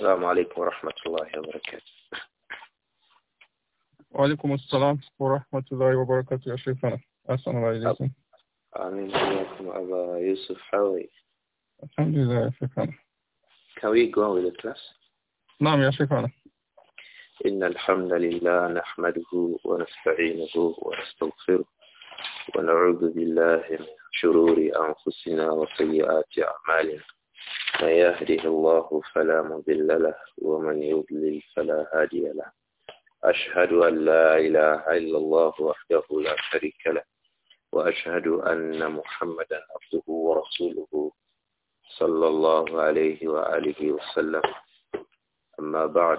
السلام عليكم ورحمة الله وبركاته وعليكم السلام ورحمة الله وبركاته يا شيخنا أسأل الله إليكم آمين إياكم أبا يوسف حوي الحمد لله يا شيخنا Can we go with the class? نعم يا شيخنا إن الحمد لله نحمده ونستعينه ونستغفره ونعوذ بالله من شرور أنفسنا وسيئات أعمالنا من يهده الله فلا مضل له ومن يضلل فلا هادي له أشهد أن لا إله إلا الله وحده لا شريك له وأشهد أن محمدا عبده ورسوله صلى الله عليه وآله وسلم أما بعد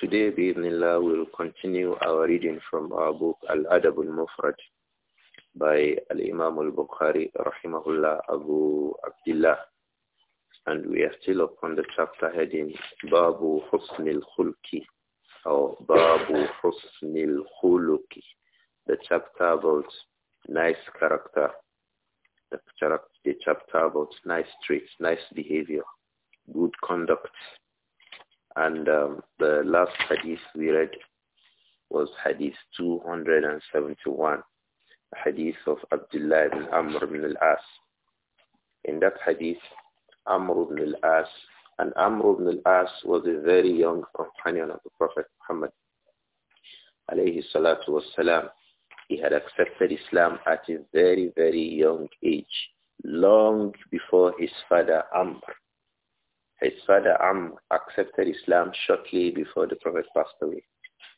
Today, bismillah, we'll continue our reading from our book Al-Adab al-Mufrad by Al-Imam al-Bukhari, rahimahullah, Abu Abdullah and we are still upon the chapter heading Babu Husnil Khulki or Babu Husnil Khuluki, the chapter about nice character, the, the chapter about nice traits, nice behavior, good conduct. And um, the last hadith we read was hadith 271, hadith of Abdullah ibn Amr ibn al-As. In that hadith, Amr ibn al-As. And Amr ibn al-As was a very young companion of the Prophet Muhammad. Alayhi salatu wasalam. He had accepted Islam at a very, very young age, long before his father Amr. His father Amr accepted Islam shortly before the Prophet passed away,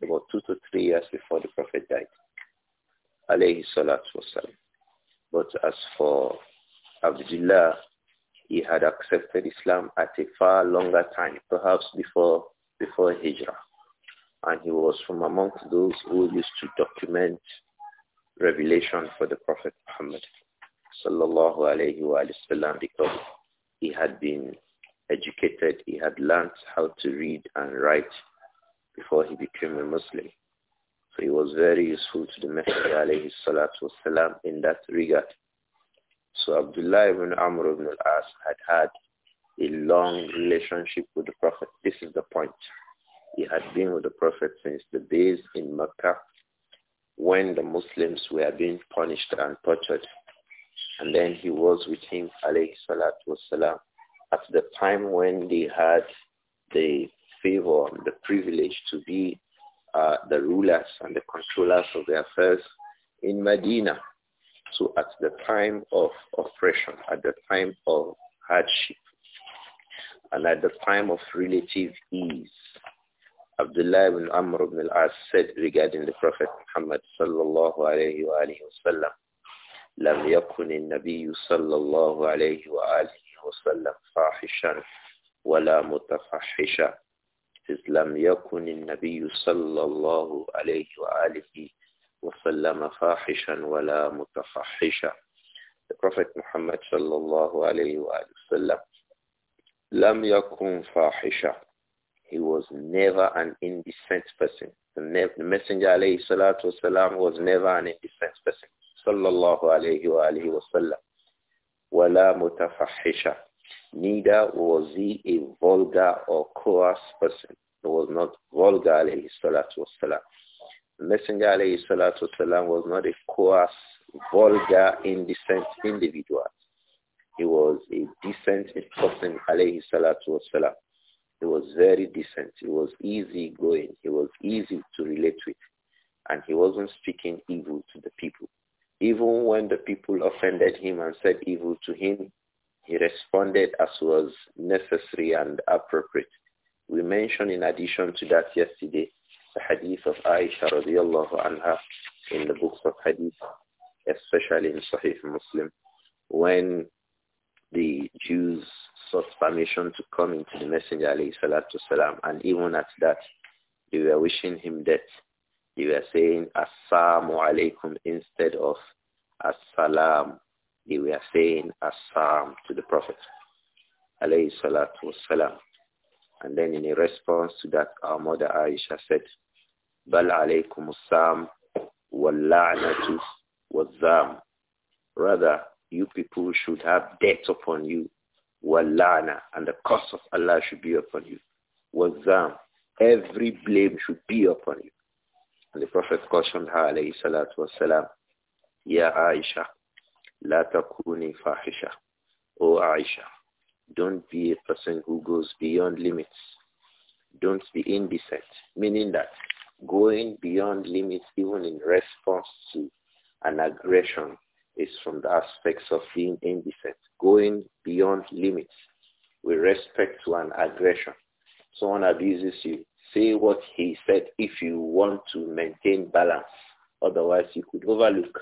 about two to three years before the Prophet died. Alayhi salatu wasalam. But as for Abdullah he had accepted Islam at a far longer time, perhaps before, before Hijrah. And he was from amongst those who used to document revelation for the Prophet Muhammad sallallahu alayhi wa sallam because he had been educated, he had learned how to read and write before he became a Muslim. So he was very useful to the Messenger alayhi salatu wasalam in that regard. So Abdullah ibn Amr ibn al-As had had a long relationship with the Prophet. This is the point. He had been with the Prophet since the days in Mecca when the Muslims were being punished and tortured. And then he was with him, alayhi salatu wasalam, at the time when they had the favor, the privilege to be uh, the rulers and the controllers of their affairs in Medina. So at the time of oppression, at the time of hardship, and at the time of relative ease, Abdullah ibn Amr ibn al-As said regarding the Prophet Muhammad sallallahu alayhi wa alihi wasallam, لم يكن النبي صلى الله عليه وآله وسلم فاحشا ولا متفحشا إذ لم يكن النبي صلى الله عليه وآله وسلم وسلم فاحشا ولا متفحشا The Prophet Muhammad صلى الله عليه وآله وسلم لم يكن فاحشا He was never an indecent person. The Messenger عليه الصلاة was never an indecent person. صلى الله عليه وآله وسلم ولا متفحشا Neither was he a vulgar or coarse person. He was not vulgar عليه الصلاة والسلام. Messenger alayhi salatu was not a coarse, vulgar, indecent individual. He was a decent person alayhi salatu He was very decent. He was easy going. He was easy to relate with. And he wasn't speaking evil to the people. Even when the people offended him and said evil to him, he responded as was necessary and appropriate. We mentioned in addition to that yesterday the hadith of Aisha radiallahu anha in the books of hadith, especially in Sahih Muslim, when the Jews sought permission to come into the Messenger والسلام, and even at that they were wishing him death. They were saying Assalamu alaikum instead of Assalam. They were saying Assalam to the Prophet alayhi salatu wasalam. And then in response to that, our mother Aisha said, بل عليكم السام واللعنة والزام Rather, you people should have debt upon you, wallana, and the curse of Allah should be upon you, wazam. Every blame should be upon you. And the Prophet cautioned her, alayhi salatu wasalam, Aisha, la takuni fahisha. O Aisha, don't be a person who goes beyond limits. Don't be indecent, meaning that going beyond limits even in response to an aggression is from the aspects of being indecent, going beyond limits with respect to an aggression. Someone abuses you, say what he said if you want to maintain balance. Otherwise, you could overlook.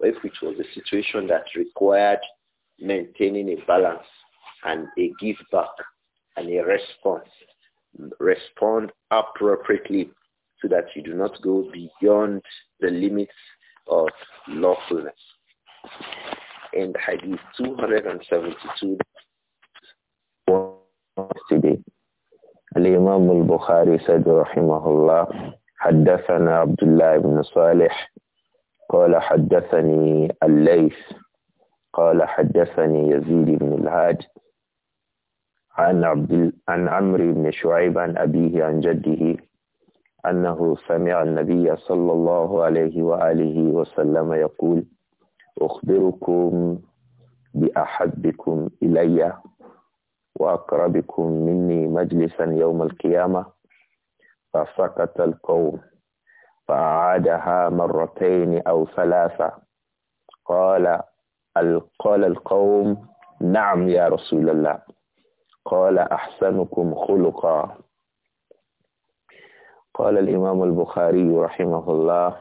But if it was a situation that required maintaining a balance and a give back and a response, respond appropriately so that you do not go beyond the limits of lawfulness. In Hadith 272, yesterday, الإمام البخاري said رحمه الله حدثنا عبد الله بن صالح قال حدثني الليث قال حدثني يزيد بن الهاد عن عبد عن عمرو بن شعيب عن أبيه عن جده أنه سمع النبي صلى الله عليه وآله وسلم يقول أخبركم بأحبكم إلي وأقربكم مني مجلسا يوم القيامة فسكت القوم فأعادها مرتين أو ثلاثة قال قال القوم نعم يا رسول الله قال أحسنكم خلقا قال الإمام البخاري رحمه الله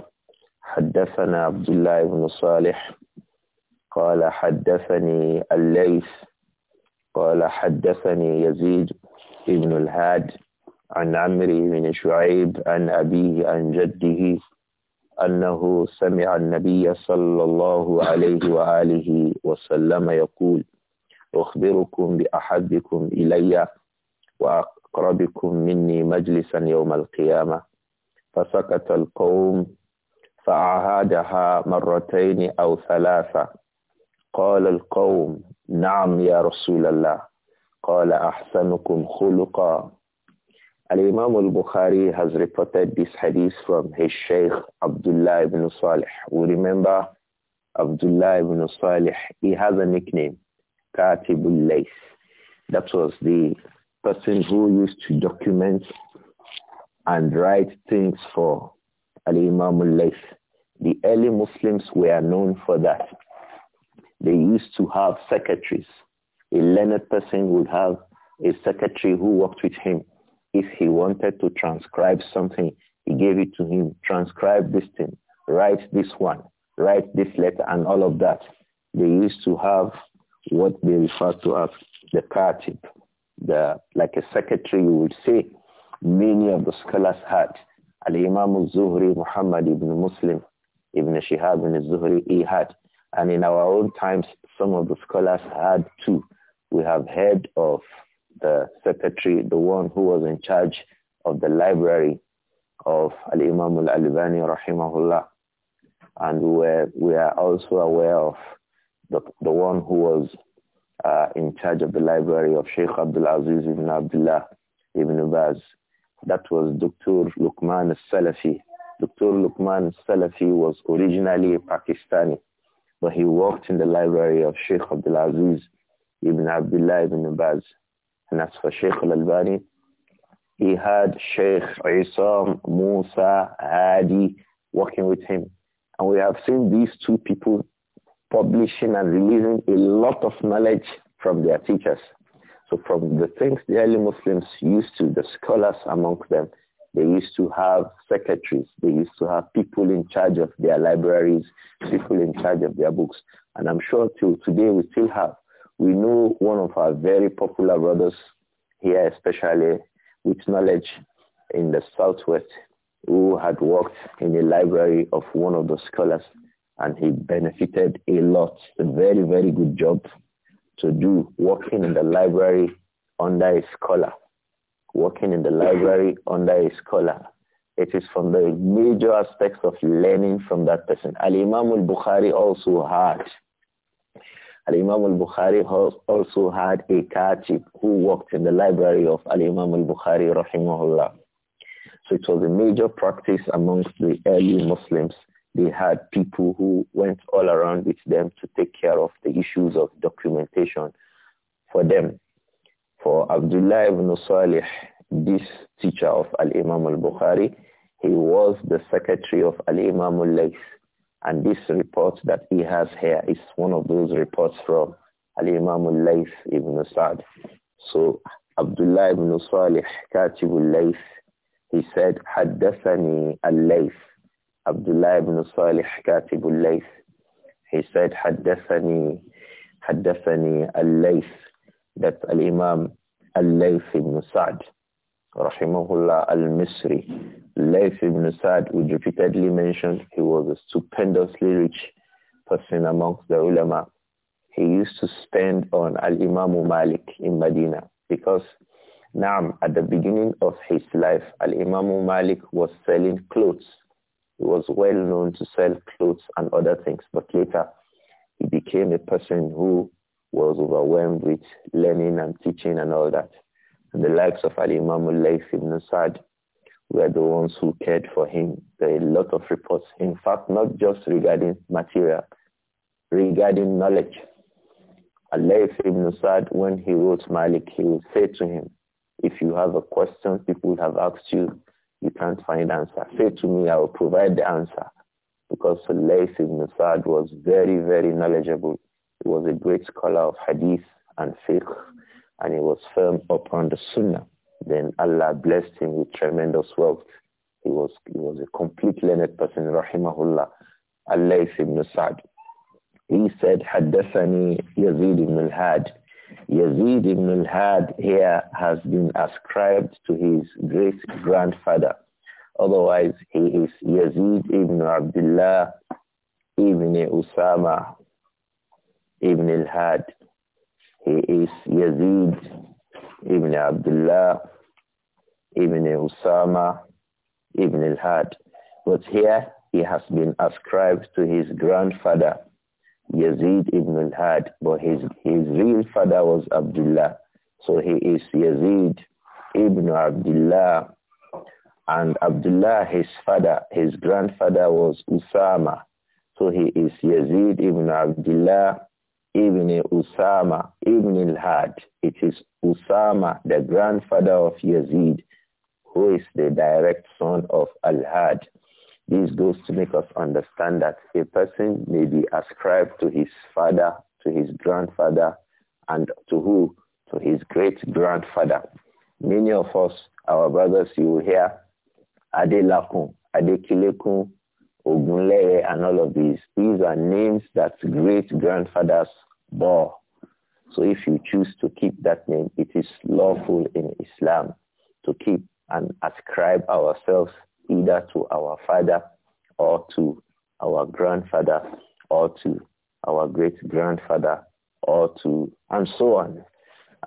حدثنا عبد الله بن صالح قال حدثني الليث قال حدثني يزيد بن الهاد عن عمري بن شعيب عن أبيه عن جده أنه سمع النبي صلى الله عليه وآله وسلم يقول أخبركم بأحبكم إلي أقربكم مني مجلسا يوم القيامة فسكت القوم فأعادها مرتين أو ثلاثة قال القوم نعم يا رسول الله قال أحسنكم خلقا الإمام البخاري has reported this hadith from his Sheikh Abdullah ibn Salih. We remember Abdullah ibn Salih, he has a nickname, Katibul Lays. That was the person who used to document and write things for Ali imam al-Layth. The early Muslims were known for that. They used to have secretaries. A learned person would have a secretary who worked with him. If he wanted to transcribe something, he gave it to him. Transcribe this thing. Write this one. Write this letter and all of that. They used to have what they refer to as the tip the like a secretary, you would say, many of the scholars had. Al-Imam al-Zuhri, Muhammad ibn Muslim, Ibn Shihab ibn Zuhri, he had. And in our own times, some of the scholars had too. We have heard of the secretary, the one who was in charge of the library of Al-Imam al-Albani, rahimahullah. And we we are also aware of the, the one who was uh, in charge of the library of Sheikh Abdul Aziz ibn Abdullah ibn Baz. That was Dr. Lukman Salafi. Dr. Lukman Salafi was originally a Pakistani, but he worked in the library of Sheikh Abdul Aziz ibn Abdullah ibn Baz. And as for Sheikh al-Albani, he had Sheikh Isam Musa Hadi working with him. And we have seen these two people publishing and releasing a lot of knowledge from their teachers. So from the things the early Muslims used to, the scholars among them, they used to have secretaries, they used to have people in charge of their libraries, people in charge of their books. And I'm sure till today we still have. We know one of our very popular brothers here, especially with knowledge in the Southwest, who had worked in the library of one of the scholars and he benefited a lot. A very, very good job to do working in the library under a scholar. Working in the library under a scholar. It is from the major aspects of learning from that person. Al-Imam al-Bukhari also had Al-Imam al-Bukhari also had a khatib who worked in the library of Al-Imam al-Bukhari rahimahullah. So it was a major practice amongst the early Muslims they had people who went all around with them to take care of the issues of documentation for them. For Abdullah ibn Salih, this teacher of Al-Imam al-Bukhari, he was the secretary of Al-Imam al Layth, And this report that he has here is one of those reports from Al-Imam al Layth ibn Sa'd. So Abdullah ibn Salih, Katib al Layth, he said, حدثني Layth." Abdullah ibn Salih Katib al-Layth. He said, حدثني حدثني Layth that al-Imam al-Layth ibn Sa'd rahimahullah al-Misri. Layth ibn Sa'd we repeatedly mentioned he was a stupendously rich person amongst the ulama. He used to spend on al-Imam Malik in Medina because Naam, at the beginning of his life, Al-Imam Malik was selling clothes he was well known to sell clothes and other things, but later he became a person who was overwhelmed with learning and teaching and all that. And the likes of Ali imam al ibn sa were the ones who cared for him. There are a lot of reports, in fact, not just regarding material, regarding knowledge. Al-Layth ibn sa when he wrote Malik, he would say to him, if you have a question people have asked you, you can't find answer. Say to me, I will provide the answer. Because Layth ibn Sa'd was very, very knowledgeable. He was a great scholar of hadith and fiqh, and he was firm upon the sunnah. Then Allah blessed him with tremendous wealth. He was, he was a complete learned person, rahimahullah. Al-Layth ibn Sa'd. He said, حدثني يزيد بن الهاد Yazid ibn al-Had here has been ascribed to his great-grandfather. Otherwise, he is Yazid ibn Abdullah ibn Usama ibn al-Had. He is Yazid ibn Abdullah ibn Usama ibn al-Had. But here, he has been ascribed to his grandfather, Yazid ibn al-Had, but his, his real father was Abdullah. So he is Yazid ibn Abdullah. And Abdullah, his father, his grandfather was Usama. So he is Yazid ibn Abdullah ibn Usama ibn al-Had. It is Usama, the grandfather of Yazid, who is the direct son of al-Had. This goes to make us understand that a person may be ascribed to his father, to his grandfather, and to who? To his great-grandfather. Many of us, our brothers, you will hear Ade Adekilekun, Ogunleye, and all of these. These are names that great-grandfathers bore. So if you choose to keep that name, it is lawful in Islam to keep and ascribe ourselves either to our father or to our grandfather or to our great-grandfather or to, and so on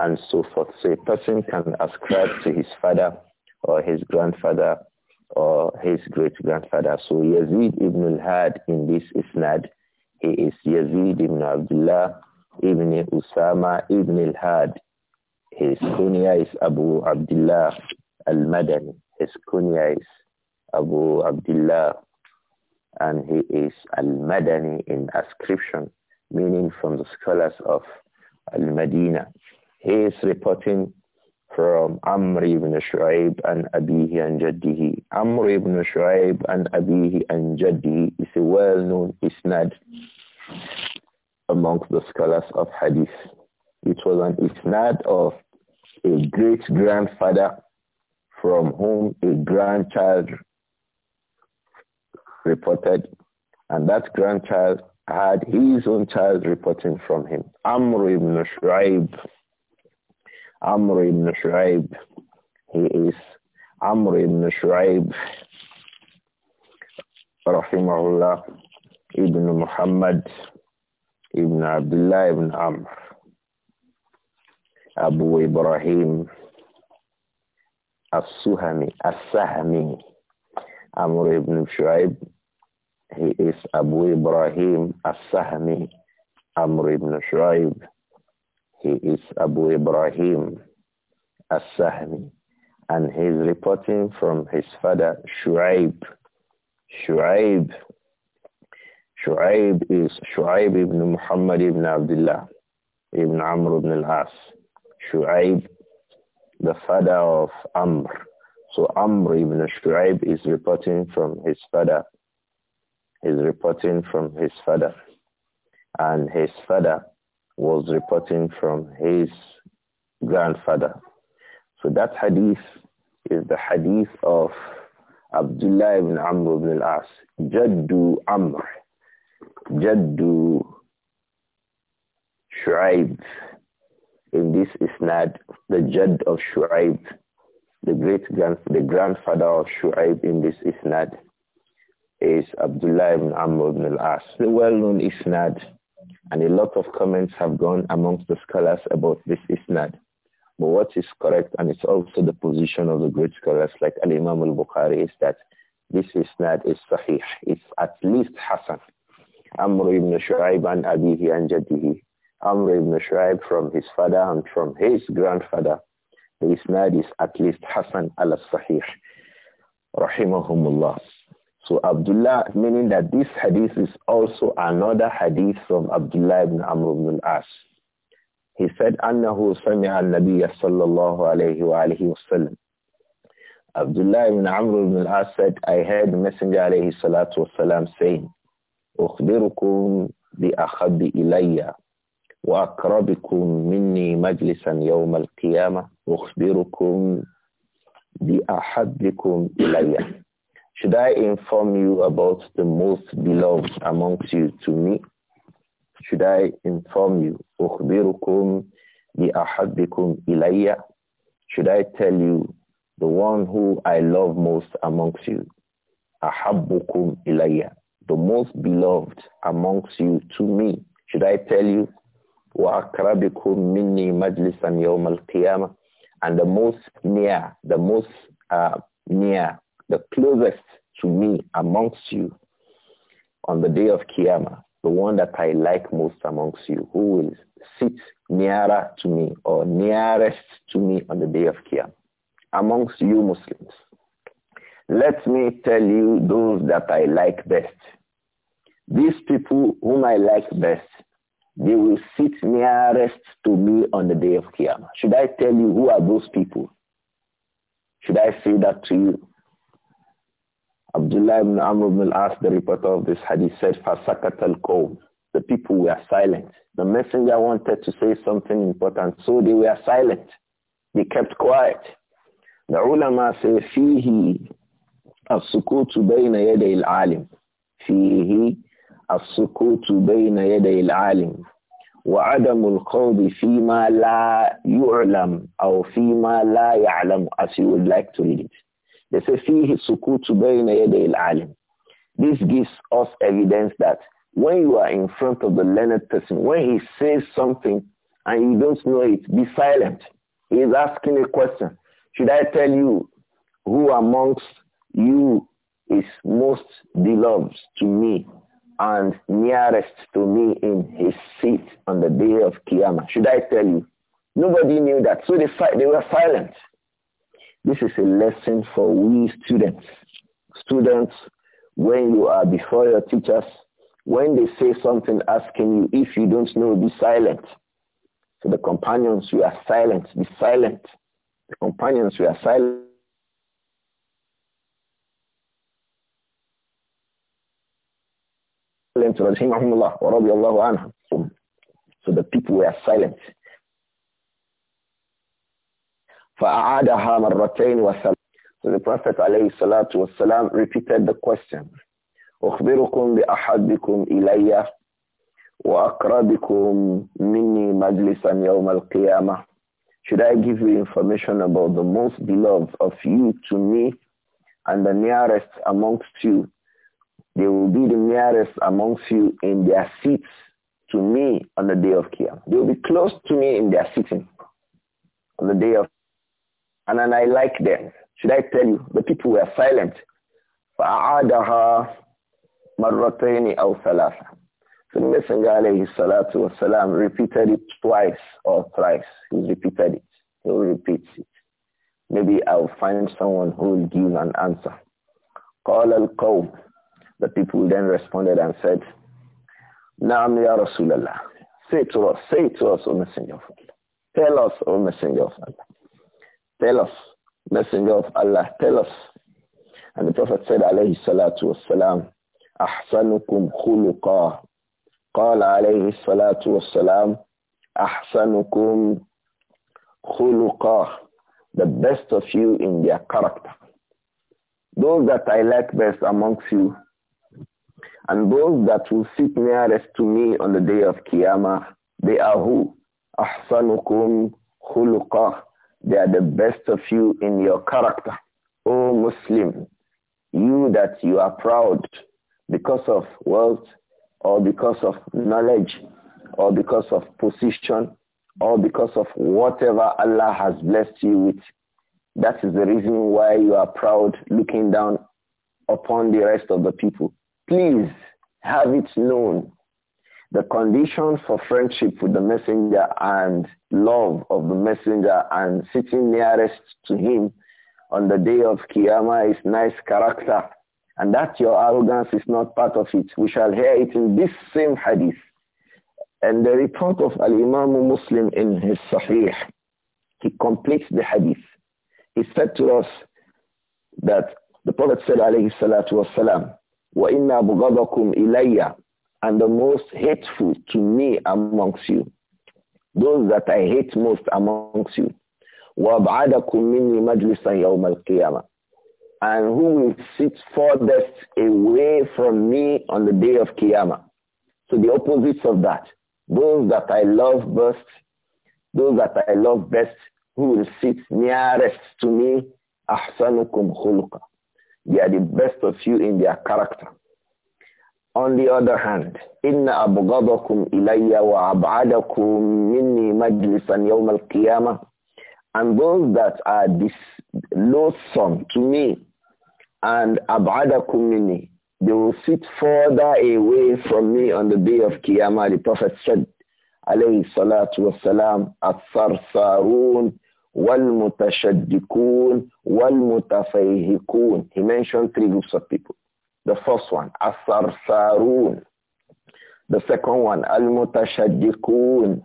and so forth. So a person can ascribe to his father or his grandfather or his great-grandfather. So Yazid ibn al-Had in this isnad, he is Yazid ibn Abdullah ibn Usama ibn al-Had. His kunya is Abu Abdullah al-Madani. His kunya is Abu Abdullah, and he is Al-Madani in ascription, meaning from the scholars of Al-Madina. He is reporting from Amr ibn Shu'aib and Abihi and Jaddihi. Amr ibn Shu'aib and Abihi and Jaddihi is a well-known isnad amongst the scholars of Hadith. It was an isnad of a great-grandfather from whom a grandchild reported, and that grandchild had his own child reporting from him. Amr ibn Shuraib. Amr ibn Shuraib. He is Amr ibn Shuraib. Rahimahullah ibn Muhammad ibn Abdullah ibn Amr. Abu Ibrahim as-Suhami, as sahami Amr ibn Shu'aib he is Abu Ibrahim As-Sahmi Amr ibn Shu'aib. He is Abu Ibrahim As-Sahmi. And he is reporting from his father Shu'aib. Shu'aib. Shu'aib is Shu'aib ibn Muhammad ibn Abdullah ibn Amr ibn al-As. Shu'aib, the father of Amr. So Amr ibn Shu'aib is reporting from his father is reporting from his father. And his father was reporting from his grandfather. So that hadith is the hadith of Abdullah ibn Amr ibn al-As. Jaddu Amr. Jaddu Shu'aib. In this isnad, the Jadd of Shu'aib, the great grand, the grandfather of Shu'aib in this isnad is Abdullah ibn Amr ibn al-As, the well-known isnad, and a lot of comments have gone amongst the scholars about this isnad. But what is correct, and it's also the position of the great scholars like Al-Imam al-Bukhari, is that this isnad is sahih. It's at least Hassan. Amr ibn Shu'aib and Abihi and Jadihi. Amr ibn Shu'aib from his father and from his grandfather. The isnad is at least Hassan al-Sahih. Rahimahumullah. So Abdullah, meaning that this hadith is also another hadith from Abdullah ibn Amr ibn al-As. He said, أنه سمع النبي صلى الله عليه وآله وسلم. Abdullah ibn Amr ibn al-As said, I heard the Messenger alayhi salatu والسلام saying, أخبركم بأخب إلي وأقربكم مني مجلسا يوم القيامة أخبركم بأحبكم إليّ should I inform you about the most beloved amongst you to me? Should I inform you? أخبركم بأحبكم إلي? Should I tell you the one who I love most amongst you? أحبكم إلي. The most beloved amongst you to me. Should I tell you? وأقربكم مني مجلسا يوم القيامة. And the most near, the most uh, near the closest to me amongst you on the day of Qiyamah, the one that I like most amongst you, who will sit nearer to me or nearest to me on the day of Qiyamah, amongst you Muslims. Let me tell you those that I like best. These people whom I like best, they will sit nearest to me on the day of Qiyamah. Should I tell you who are those people? Should I say that to you? Abdullah ibn Amr ibn al-As, the reporter of this hadith, said, فَسَكَتَ الْقَوْمِ The people were silent. The messenger wanted to say something important, so they were silent. They kept quiet. The ulama say, فِيهِ السُّكُوتُ بَيْنَ يَدَيِ الْعَالِمِ فِيهِ السُّكُوتُ بَيْنَ يَدَيِ الْعَالِمِ وعدم القول فيما لا يعلم أو فيما لا يعلم as you would like to read it. They say, This gives us evidence that when you are in front of the learned person, when he says something and you don't know it, be silent. He is asking a question. Should I tell you who amongst you is most beloved to me and nearest to me in his seat on the day of Qiyamah? Should I tell you? Nobody knew that. So they, they were silent. This is a lesson for we students. Students, when you are before your teachers, when they say something asking you, if you don't know, be silent. So the companions, you are silent. Be silent. The companions, you are silent. So the people were silent. فَأَعَادَهَا مَرَّتَيْنِ وَسَلَامٍ So the Prophet والسلام, repeated the question. أُخْبِرُكُمْ بِأَحَدِّكُمْ إِلَيَّ وَأَقْرَبِكُمْ مِنِّي مَجْلِسًا يَوْمَ الْقِيَامَةِ Should I give you information about the most beloved of you to me and the nearest amongst you? They will be the nearest amongst you in their seats to me on the day of Qiyamah. They will be close to me in their sitting on the day of and then I like them. Should I tell you? The people were silent. مرتين أو So the Messenger alayhi salatu wasalam repeated it twice or thrice. He repeated it. He'll repeat it. Maybe I'll find someone who will give an answer. قال القوم. The people then responded and said, نعم يا رسول الله. Say to us, say to us, O Messenger of Allah. Tell us, O Messenger of Allah. Tell us, Messenger of Allah, tell us. And the Prophet said, alayhi salatu wassalam, أحسنكم khuluqa.'" قال عليه الصلاة والسلام أحسنكم the best of you in their character those that I like best amongst you and those that will sit nearest to me on the day of Qiyamah they are who أحسنكم خلقا they are the best of you in your character. O Muslim, you that you are proud because of wealth or because of knowledge or because of position or because of whatever Allah has blessed you with. That is the reason why you are proud looking down upon the rest of the people. Please have it known the conditions for friendship with the messenger and love of the messenger and sitting nearest to him on the day of Qiyamah is nice character. And that your arrogance is not part of it. We shall hear it in this same hadith. And the report of Al-Imam Muslim in his Sahih, he completes the hadith. He said to us that the Prophet said, alayhi salatu wasalam, وَإِنَّا بُغَضَكُمْ إِلَيَّ and the most hateful to me amongst you. Those that I hate most amongst you. وَأَبْعَدَكُمْ مِنِّي مَجْلِسًا يَوْمَ الْقِيَامَةِ And who will sit farthest away from me on the day of Qiyamah. So the opposite of that. Those that I love best, those that I love best, who will sit nearest to me, أَحْسَنُكُمْ خُلْقًا They are the best of you in their character. On the other hand, إِنَّ أَبْغَضَكُمْ إِلَيَّ وَأَبْعَدَكُمْ مِنِّي مَجْلِسًا يَوْمَ الْقِيَامَةِ And those that are loathsome to me and أَبْعَدَكُمْ مِنِّي They will sit further away from me on the day of Qiyamah. The Prophet said, عليه الصلاة والسلام, الثرثارون وَالْمُتَشَدِّكُونَ وَالْمُتَفَيْهِكُونَ He mentioned three groups of people. The first one, as saroon. The second one, Al-Mutashaddiqun.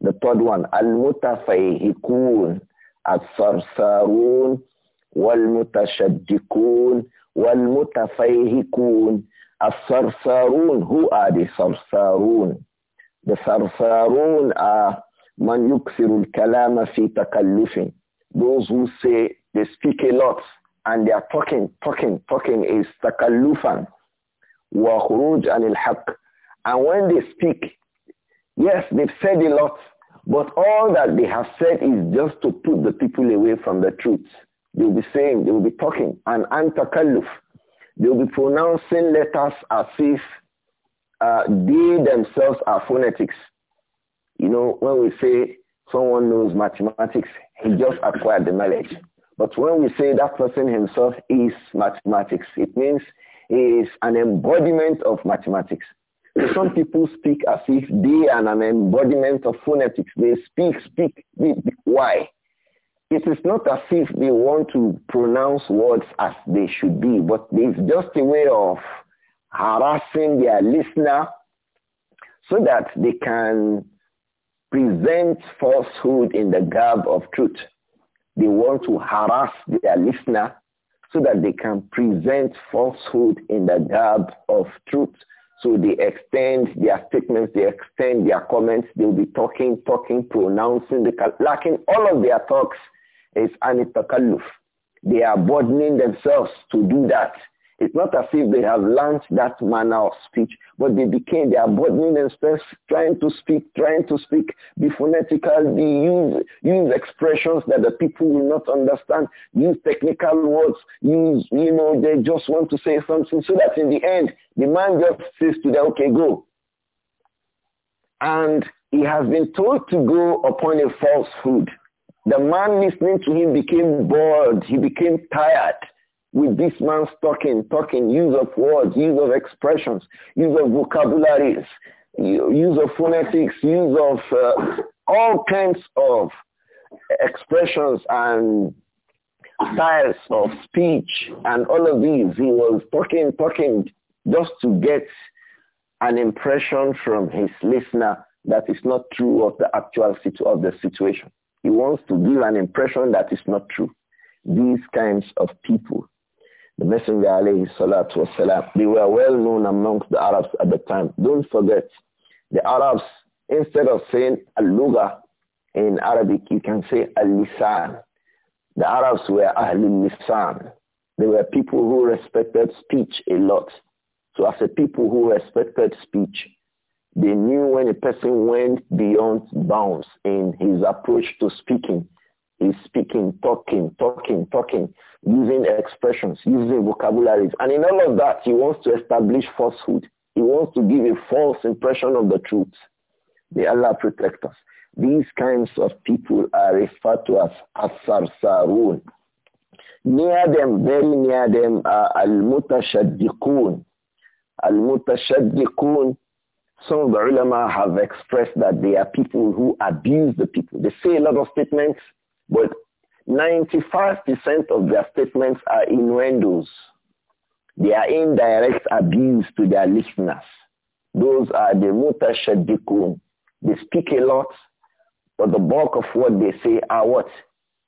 The third one, Al-Mutafayhikun. As-Sarsarun wal-Mutashaddiqun wal-Mutafayhikun. As-Sarsarun, who are the Sarsarun? The Sarsarun are Man yuksiru kalama fi takallufin. Those who say they speak a lot and their talking, talking, talking is takallufan wa khuruj anil haqq. And when they speak, yes, they've said a lot, but all that they have said is just to put the people away from the truth. They'll be saying, they'll be talking, and antakalluf. They'll be pronouncing letters as if uh, they themselves are phonetics. You know, when we say someone knows mathematics, he just acquired the knowledge. But when we say that person himself is mathematics, it means he is an embodiment of mathematics. some people speak as if they are an embodiment of phonetics. They speak, speak. Why? It is not as if they want to pronounce words as they should be, but it's just a way of harassing their listener so that they can present falsehood in the garb of truth. They want to harass their listener so that they can present falsehood in the garb of truth. So they extend their statements, they extend their comments, they'll be talking, talking, pronouncing, the, lacking all of their talks is anitakalluf. They are burdening themselves to do that. It's not as if they have learned that manner of speech, but they became, they are and themselves, trying to speak, trying to speak, be phonetical, be use, use expressions that the people will not understand, use technical words, use, you know, they just want to say something so that in the end, the man just says to them, okay, go. And he has been told to go upon a falsehood. The man listening to him became bored. He became tired with this man's talking, talking, use of words, use of expressions, use of vocabularies, use of phonetics, use of uh, all kinds of expressions and styles of speech and all of these. He was talking, talking just to get an impression from his listener that is not true of the actual situ- of the situation. He wants to give an impression that is not true. These kinds of people the Messenger alayhi salatu wasalam, they were well known amongst the Arabs at the time. Don't forget, the Arabs, instead of saying al-luga in Arabic, you can say al-lisan. The Arabs were ahlul lisan. They were people who respected speech a lot. So as a people who respected speech, they knew when a person went beyond bounds in his approach to speaking He's speaking, talking, talking, talking, using expressions, using vocabularies. And in all of that, he wants to establish falsehood. He wants to give a false impression of the truth. May Allah protect us. These kinds of people are referred to as asarsarun. Near them, very near them are al-mutashaddiqun. Al-mutashaddiqun, some of the ulama have expressed that they are people who abuse the people. They say a lot of statements but 95% of their statements are innuendos. They are indirect abuse to their listeners. Those are the mutashadikun. They speak a lot, but the bulk of what they say are what?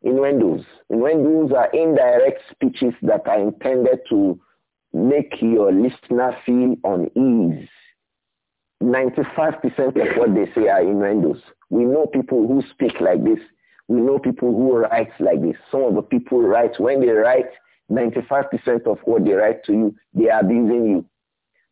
Innuendos. Innuendos are indirect speeches that are intended to make your listener feel unease. 95% of what they say are innuendos. We know people who speak like this we know people who write like this. Some of the people write, when they write, 95% of what they write to you, they are abusing you.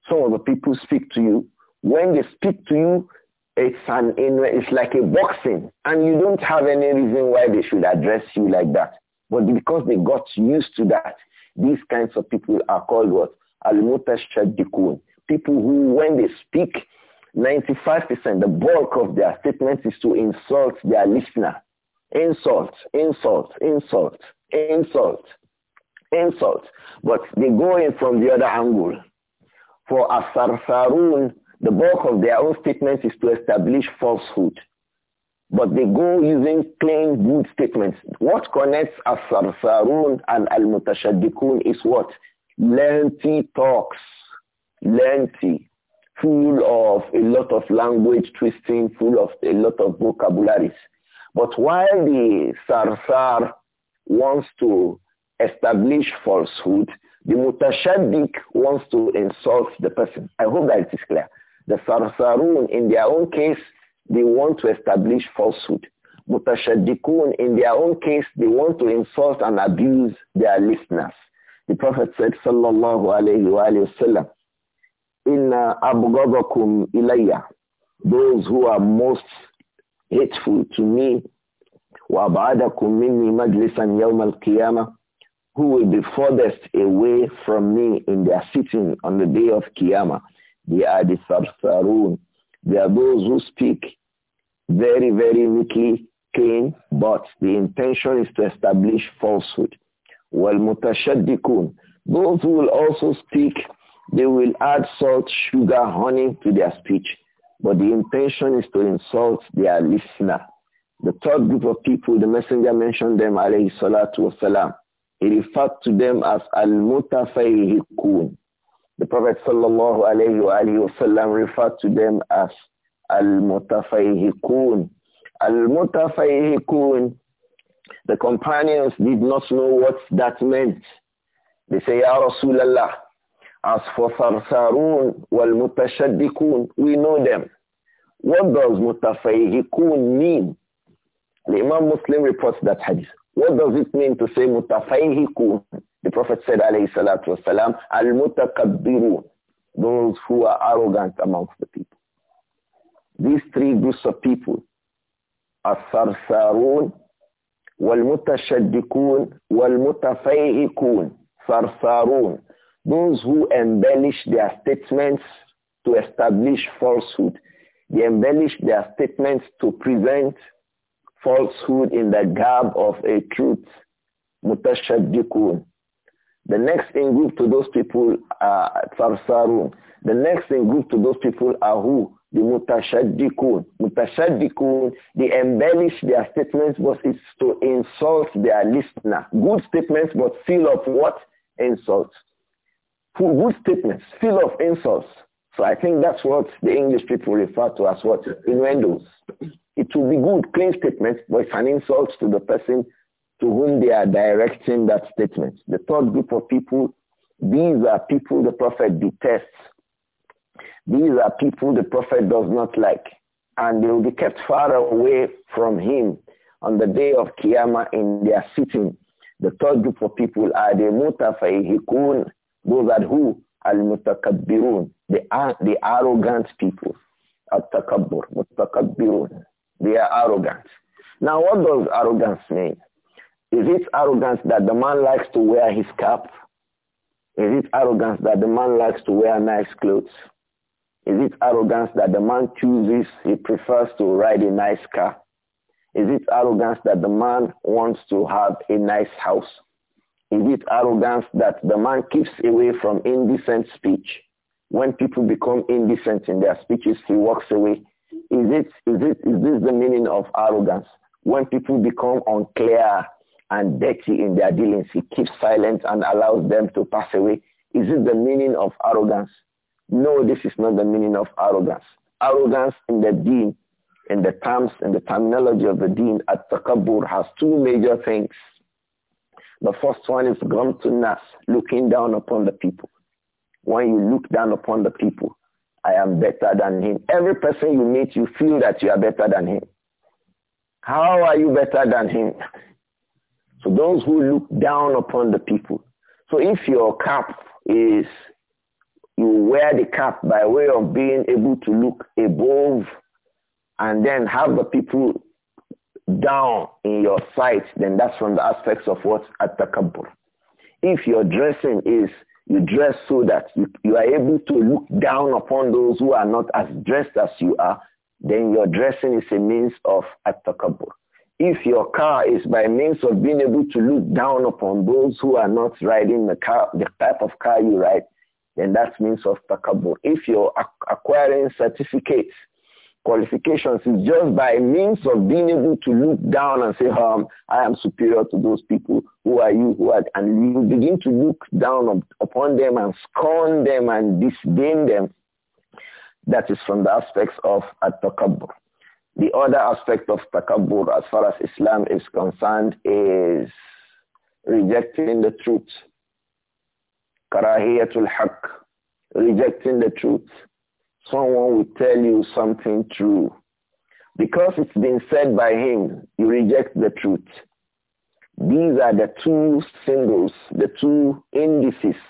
Some of the people speak to you. When they speak to you, it's, an, it's like a boxing, and you don't have any reason why they should address you like that. But because they got used to that, these kinds of people are called what? al People who, when they speak, 95%, the bulk of their statements is to insult their listener. Insult, insult, insult, insult, insult. But they go in from the other angle. For Asarfarun, the bulk of their own statement is to establish falsehood. But they go using plain good statements. What connects Asarfarun and Al-Mutashaddikun is what? Lengthy talks. Lengthy full of a lot of language twisting, full of a lot of vocabularies. But while the sarsar wants to establish falsehood, the mutashaddiq wants to insult the person. I hope that it is clear. The sarsarun, in their own case, they want to establish falsehood. Mutashaddiqun, in their own case, they want to insult and abuse their listeners. The Prophet said, sallallahu alayhi wa, alayhi wa sallam, inna ilayya, those who are most hateful to me, وَأَبْعَدَكُمْ مِنِّي مَجْلِسًا يَوْمَ الْقِيَامَةِ Who will be furthest away from me in their sitting on the day of Qiyamah? They are the Sarsarun. They are those who speak very, very meekly, clean, but the intention is to establish falsehood. وَالْمُتَشَدِّقُونَ Those who will also speak, they will add salt, sugar, honey to their speech. But the intention is to insult their listener. The third group of people, the messenger mentioned them, alayhi salatu wasalam. He referred to them as al-mutafayhikun. The Prophet sallallahu alayhi wa alayhi wasalam referred to them as al-mutafayhikun. Al-mutafayhikun, the companions did not know what that meant. They say, Ya Rasulallah, As for Sarsarun wal Mutashaddikun, we know them. What does Mutafayhikun mean? The Imam Muslim reports that hadith. What does it mean to say Mutafayhikun? The Prophet said, alayhi salatu wasalam, Al-Mutakabbirun, those who are arrogant amongst the people. These three groups of people, As-Sarsarun, wal والمتفيهكون صرصارون Those who embellish their statements to establish falsehood, they embellish their statements to present falsehood in the garb of a truth. Mutashaddiqun. The next in group to those people are Farsarun. The next in group to those people are who? The Mutashaddiqun. Mutashaddiqun, they embellish their statements, but it's to insult their listener. Good statements, but full of what? Insults. Good statements, full of insults. So I think that's what the English people refer to as what? Innuendos. It will be good, clean statements, but it's an insult to the person to whom they are directing that statement. The third group of people, these are people the prophet detests. These are people the prophet does not like. And they will be kept far away from him on the day of Qiyamah in their sitting. The third group of people are the mutafahikun those are who? Al-mutakabbirun, the, the arrogant people. Al-takabbur, mutakabbirun. They are arrogant. Now what does arrogance mean? Is it arrogance that the man likes to wear his cap? Is it arrogance that the man likes to wear nice clothes? Is it arrogance that the man chooses, he prefers to ride a nice car? Is it arrogance that the man wants to have a nice house? Is it arrogance that the man keeps away from indecent speech? When people become indecent in their speeches, he walks away. Is it, is it, is this the meaning of arrogance? When people become unclear and dirty in their dealings, he keeps silent and allows them to pass away. Is it the meaning of arrogance? No, this is not the meaning of arrogance. Arrogance in the deen, in the terms, in the terminology of the deen at Takabur has two major things. The first one is Ghamtun Nas, looking down upon the people. When you look down upon the people, I am better than him. Every person you meet, you feel that you are better than him. How are you better than him? So those who look down upon the people. So if your cap is, you wear the cap by way of being able to look above and then have the people down in your sight, then that's from the aspects of what at If your dressing is you dress so that you, you are able to look down upon those who are not as dressed as you are, then your dressing is a means of at If your car is by means of being able to look down upon those who are not riding the car, the type of car you ride, then that's means of takabur. If you're acquiring certificates qualifications is just by means of being able to look down and say, um, I am superior to those people. Who are you? Who are, and you begin to look down upon them and scorn them and disdain them. That is from the aspects of at-takabbur. The other aspect of takabbur as far as Islam is concerned is rejecting the truth. Karahiyatul haq. Rejecting the truth someone will tell you something true. Because it's been said by him, you reject the truth. These are the two symbols, the two indices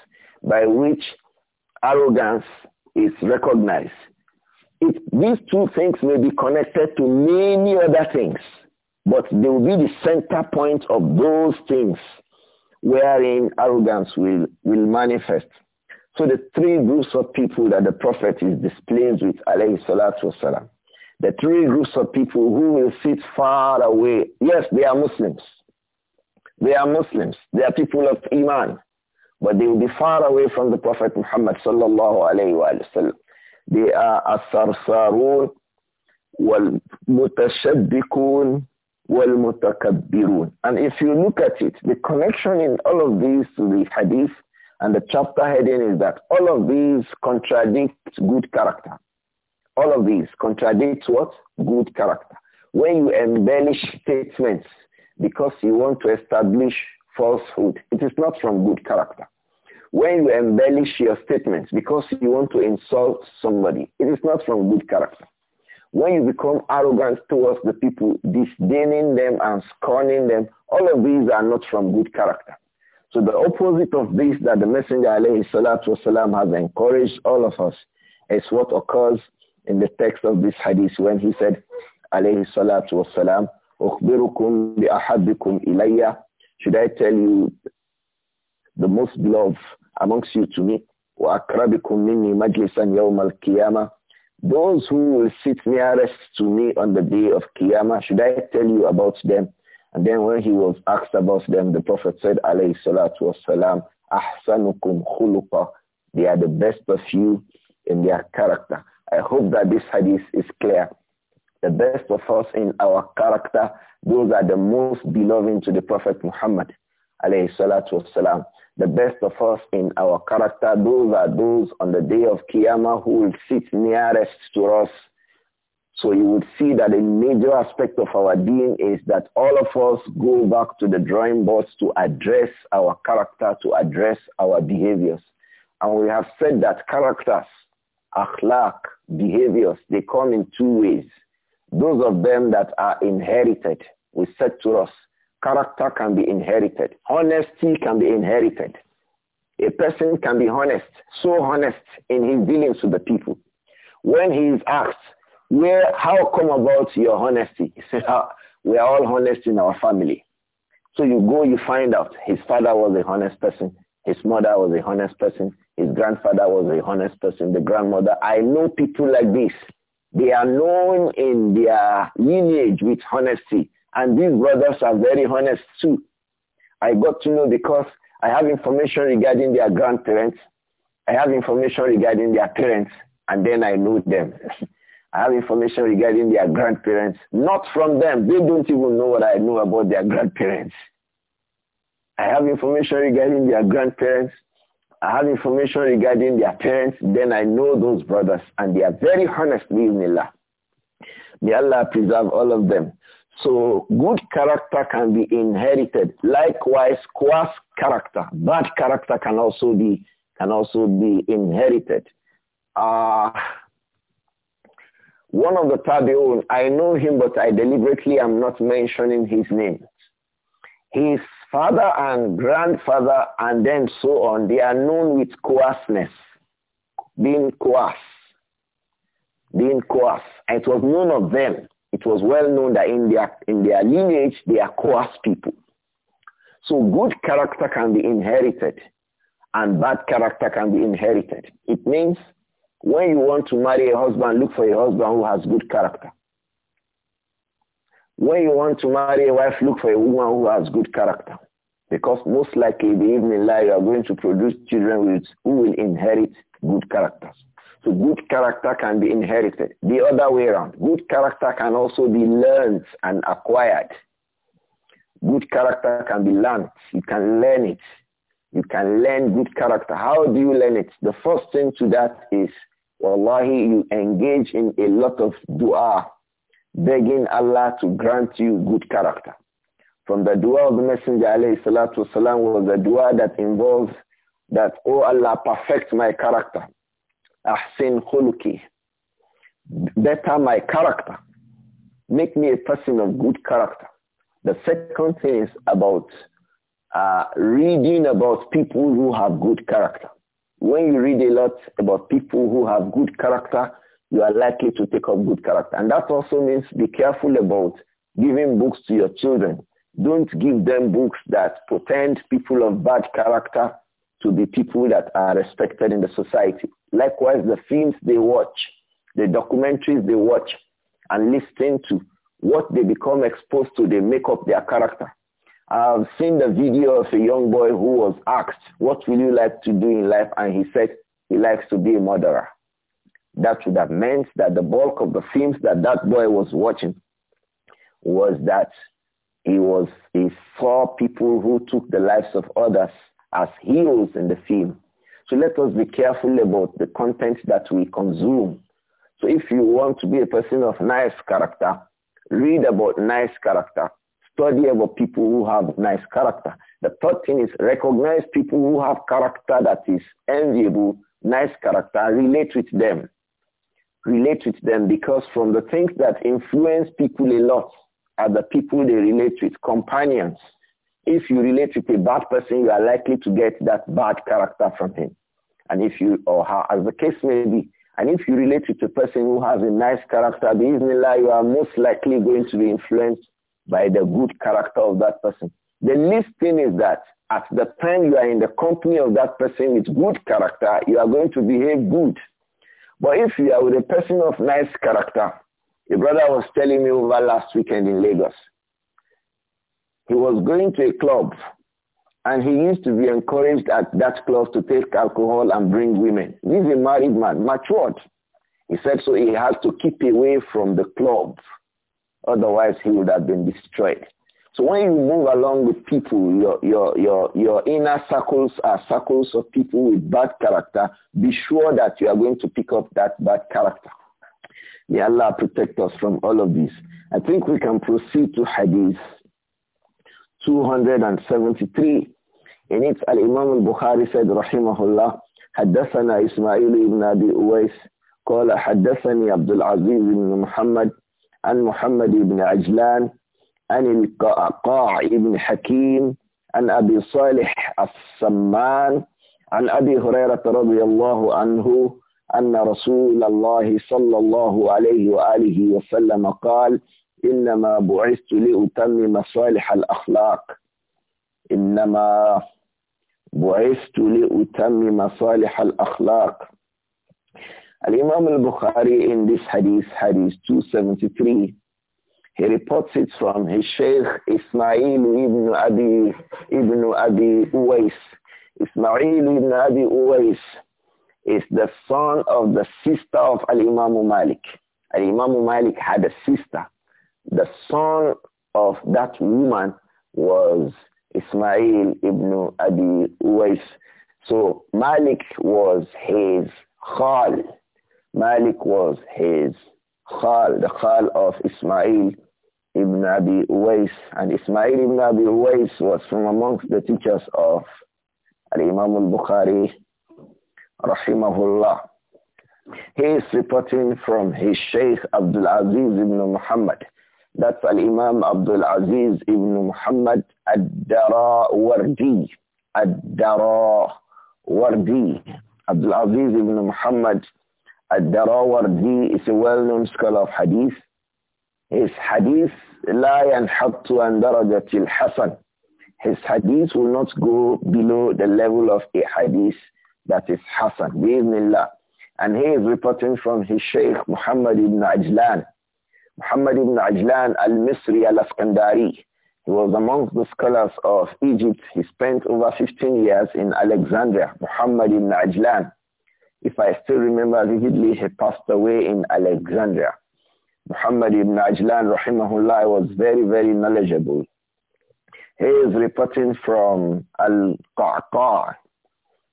by which arrogance is recognized. It, these two things may be connected to many other things, but they will be the center point of those things wherein arrogance will, will manifest. So the three groups of people that the Prophet is displeased with alayhi salatu wasalam, the three groups of people who will sit far away, yes, they are Muslims. They are Muslims. They are people of Iman. But they will be far away from the Prophet Muhammad sallallahu alayhi wa sallam. They are as-sarsarun wal-mutashabbikun wal-mutakabbirun. And if you look at it, the connection in all of these to the hadith and the chapter heading is that all of these contradict good character. All of these contradict what? Good character. When you embellish statements because you want to establish falsehood, it is not from good character. When you embellish your statements because you want to insult somebody, it is not from good character when you become arrogant towards the people, disdaining them and scorning them, all of these are not from good character. So the opposite of this that the Messenger alayhi has encouraged all of us is what occurs in the text of this hadith when he said alayhi salatu إلي Should I tell you the most beloved amongst you to me? وأقربكم مني مجلسا يوم القيامة Those who will sit nearest to me on the day of Qiyamah, should I tell you about them? And then when he was asked about them, the Prophet said, alayhi salatu wasalam, ahsanukum khuluqa. They are the best of you in their character. I hope that this hadith is clear. The best of us in our character, those are the most beloved to the Prophet Muhammad, alayhi salatu wasalam. The best of us in our character, those are those on the day of Qiyamah who will sit nearest to us so you would see that a major aspect of our being is that all of us go back to the drawing boards to address our character, to address our behaviors. And we have said that characters, akhlaq, behaviors, they come in two ways. Those of them that are inherited, we said to us, character can be inherited. Honesty can be inherited. A person can be honest, so honest in his dealings with the people. When he is asked, where, how come about your honesty? He said, ah, we are all honest in our family. So you go, you find out his father was a honest person, his mother was a honest person, his grandfather was a honest person, the grandmother. I know people like this. They are known in their lineage with honesty. And these brothers are very honest too. I got to know because I have information regarding their grandparents. I have information regarding their parents. And then I know them. I have information regarding their grandparents, not from them. They don't even know what I know about their grandparents. I have information regarding their grandparents. I have information regarding their parents. Then I know those brothers and they are very honest with Allah. May Allah preserve all of them. So good character can be inherited. Likewise, coarse character, bad character can also be, can also be inherited. Uh, one of the Tabi'un, I know him, but I deliberately am not mentioning his name. His father and grandfather and then so on, they are known with coarseness, being coarse, being coarse. And it was known of them. It was well known that in their, in their lineage, they are coarse people. So good character can be inherited and bad character can be inherited. It means when you want to marry a husband, look for a husband who has good character. When you want to marry a wife, look for a woman who has good character. Because most likely, believe in life, you are going to produce children with, who will inherit good characters. So good character can be inherited. The other way around, good character can also be learned and acquired. Good character can be learned. You can learn it. You can learn good character. How do you learn it? The first thing to that is Wallahi, you engage in a lot of dua, begging Allah to grant you good character. From the dua of the Messenger alayhi salatu wasalam was a dua that involves that, O oh Allah, perfect my character. Ahsin khuluki. Better my character. Make me a person of good character. The second thing is about uh, reading about people who have good character. When you read a lot about people who have good character, you are likely to take up good character. And that also means be careful about giving books to your children. Don't give them books that pretend people of bad character to be people that are respected in the society. Likewise, the films they watch, the documentaries they watch and listen to, what they become exposed to, they make up their character. I've seen the video of a young boy who was asked, what will you like to do in life? And he said he likes to be a murderer. That would have meant that the bulk of the films that that boy was watching was that he was he saw people who took the lives of others as heroes in the film. So let us be careful about the content that we consume. So if you want to be a person of nice character, read about nice character Study about people who have nice character. The third thing is recognize people who have character that is enviable, nice character, relate with them. Relate with them because from the things that influence people a lot are the people they relate with, companions. If you relate with a bad person, you are likely to get that bad character from him. And if you, or how, as the case may be, and if you relate with a person who has a nice character, the Bismillah, you are most likely going to be influenced by the good character of that person. The least thing is that at the time you are in the company of that person with good character, you are going to behave good. But if you are with a person of nice character, a brother was telling me over last weekend in Lagos, he was going to a club and he used to be encouraged at that club to take alcohol and bring women. He's a married man, matured. He said so he has to keep away from the club Otherwise, he would have been destroyed. So when you move along with people, your, your, your, your inner circles are circles of people with bad character. Be sure that you are going to pick up that bad character. May Allah protect us from all of this. I think we can proceed to Hadith 273. In it, Al-Imam al-Bukhari said, Rahimahullah, حدثنا إسماعيل بن أبي أويس قال حدثني عبد العزيز بن محمد عن محمد بن عجلان عن القعقاع بن حكيم عن أبي صالح السمان عن أبي هريرة رضي الله عنه أن رسول الله صلى الله عليه وآله وسلم قال إنما بعثت لأتمم صالح الأخلاق إنما بعثت لأتمم صالح الأخلاق Al-Imam al-Bukhari in this hadith, hadith 273, he reports it from his Sheikh Ismail ibn Abi, ibn Abi Uwais. Ismail ibn Abi Uwais is the son of the sister of Al-Imam Malik. Al-Imam Malik had a sister. The son of that woman was Ismail ibn Abi Uwais. So Malik was his khal. Malik was his khal, the khal of Ismail ibn Abi Uwais. And Ismail ibn Abi Uwais was from amongst the teachers of Imam al-Bukhari, rahimahullah. He is reporting from his Sheikh Abdul Aziz ibn Muhammad. That's Al-Imam Abdul Aziz ibn Muhammad Ad-Darawardi. ad Wardi. Abdul Aziz ibn Muhammad Ad-Darawardi is a well-known scholar of hadith. His hadith, لا ينحط عن درجة الحسن. His hadith will not go below the level of a hadith that is Hassan, bi'idhnillah. And he is reporting from his Sheikh Muhammad ibn Ajlan. Muhammad ibn Ajlan al-Misri al-Askandari. He was amongst the scholars of Egypt. He spent over 15 years in Alexandria, Muhammad ibn Ajlan. If I still remember vividly, he passed away in Alexandria. Muhammad ibn Ajlan, rahimahullah, was very, very knowledgeable. He is reporting from Al-Qa'qa.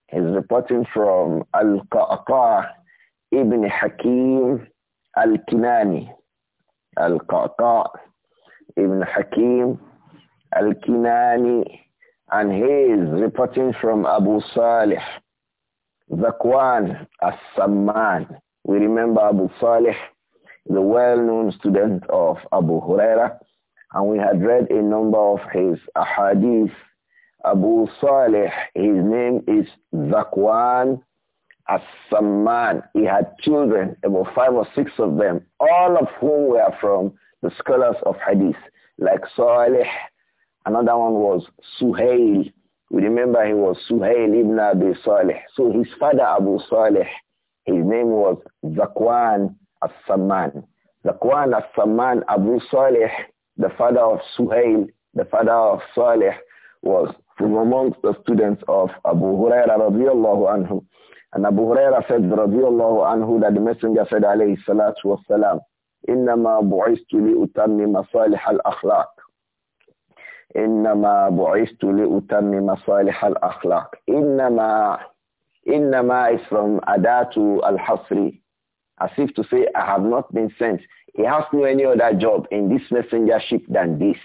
He is reporting from Al-Qa'qa ibn Hakim Al-Kinani. Al-Qa'qa ibn Hakim Al-Kinani. And he is reporting from Abu Salih Zakwan As-Samman. We remember Abu Salih, the well-known student of Abu Huraira, and we had read a number of his ahadith. Abu Salih, his name is Zakwan As-Samman. He had children, about five or six of them, all of whom were from the scholars of hadith, like Salih. Another one was Suhail, we remember he was Suhail ibn Abi Saleh. So his father Abu Saleh, his name was Zakwan as-Samman. Zakwan as-Samman Abu Saleh, the father of Suhail, the father of Saleh, was from amongst the students of Abu Huraira radiallahu anhu. And Abu Huraira said radiallahu anhu that the messenger said alayhi salatu wasalam, إنما بعثت لأتمم صالح الأخلاق إنما بعثت لأتمم صالح الأخلاق إنما إنما is from al الحصر as if to say I have not been sent he has no any other job in this messengership than this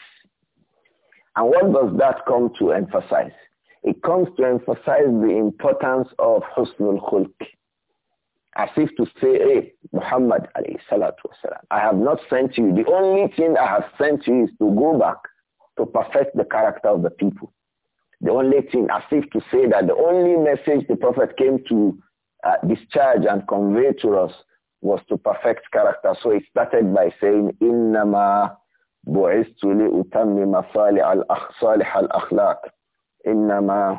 and what does that come to emphasize it comes to emphasize the importance of husnul khulq as if to say, hey, Muhammad, والسلام, I have not sent you. The only thing I have sent you is to go back to perfect the character of the people. The only thing, as if to say that the only message the Prophet came to uh, discharge and convey to us was to perfect character. So he started by saying, li إِنَّمَا بُعِثْتُ لِأُتَمِّمَ صَالِحَ الْأَخْلَاقِ li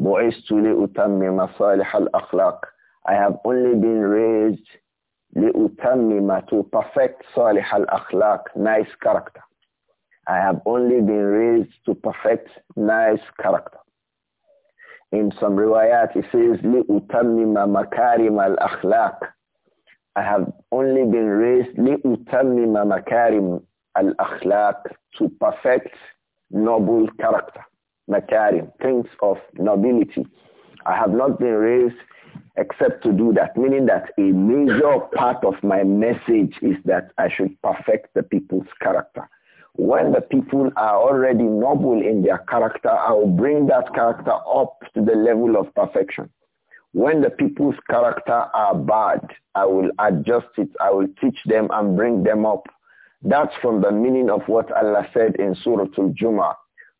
بُعِثْتُ لِأُتَمِّمَ al الْأَخْلَاقِ I have only been raised li لِأُتَمِّمَ to perfect al الْأَخْلَاقِ nice character. I have only been raised to perfect nice character. In some riwayat, it says, لِأُتَمِّمَ مَكَارِمَ الْأَخْلَاقِ I have only been raised لِأُتَمِّمَ مَكَارِمَ الْأَخْلَاقِ to perfect noble character, makarim, things of nobility. I have not been raised except to do that, meaning that a major part of my message is that I should perfect the people's character. When the people are already noble in their character, I will bring that character up to the level of perfection. When the people's character are bad, I will adjust it. I will teach them and bring them up. That's from the meaning of what Allah said in Surah Al-Jumu'ah.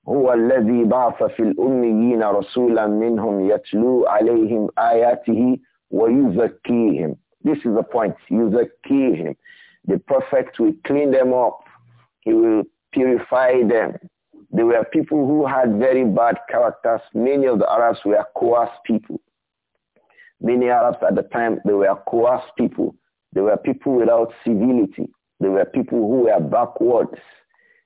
هو الذي بعث في الأميين رسولا منهم يتلو عليهم آياته ويزكيهم. This is the point. Yuzakihim. The prophet will clean them up. He will purify them. They were people who had very bad characters. Many of the Arabs were coerced people. Many Arabs at the time, they were coerced people. They were people without civility. They were people who were backwards.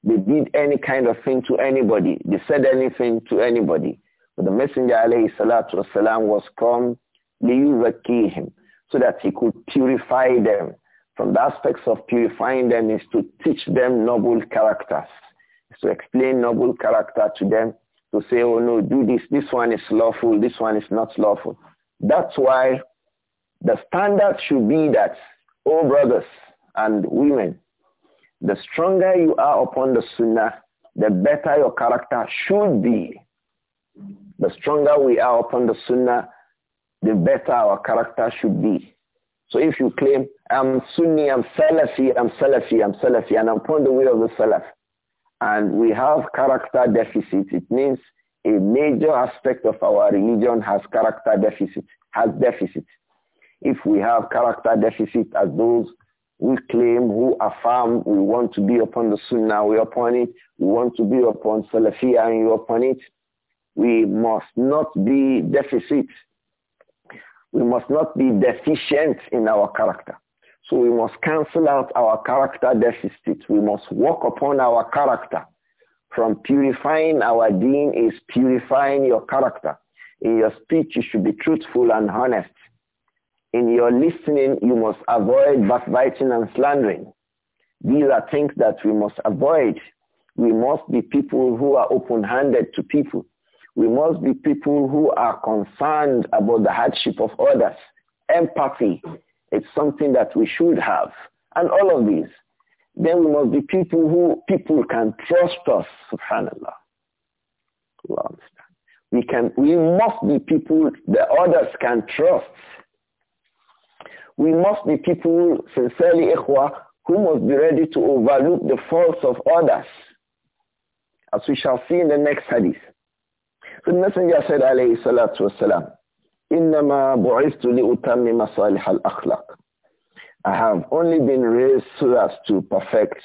They did any kind of thing to anybody. They said anything to anybody. But the Messenger alayhi salatu was come, him So that he could purify them. From the aspects of purifying them is to teach them noble characters, is to explain noble character to them, to say, oh no, do this, this one is lawful, this one is not lawful. That's why the standard should be that, oh brothers and women, the stronger you are upon the sunnah, the better your character should be. The stronger we are upon the sunnah, the better our character should be. So if you claim, I'm Sunni, I'm Salafi, I'm Salafi, I'm Salafi, and I'm upon the way of the Salaf. And we have character deficit. It means a major aspect of our religion has character deficit, has deficit. If we have character deficit as those we claim, who affirm we want to be upon the Sunnah, we upon it, we want to be upon Salafiyah and you upon it, we must not be deficit. We must not be deficient in our character. So we must cancel out our character deficit. We must work upon our character. From purifying our deen is purifying your character. In your speech, you should be truthful and honest. In your listening, you must avoid backbiting and slandering. These are things that we must avoid. We must be people who are open-handed to people. We must be people who are concerned about the hardship of others. Empathy it's something that we should have. And all of these. Then we must be people who people can trust us, subhanAllah. Allah we can, we must be people the others can trust. We must be people, sincerely ikhwa, who must be ready to overlook the faults of others, as we shall see in the next hadith. So the Messenger said, alayhi salatu wasalam, إِنَّمَا بُعِثْتُ لِأُتَمِّمَ I have only been raised so as to perfect,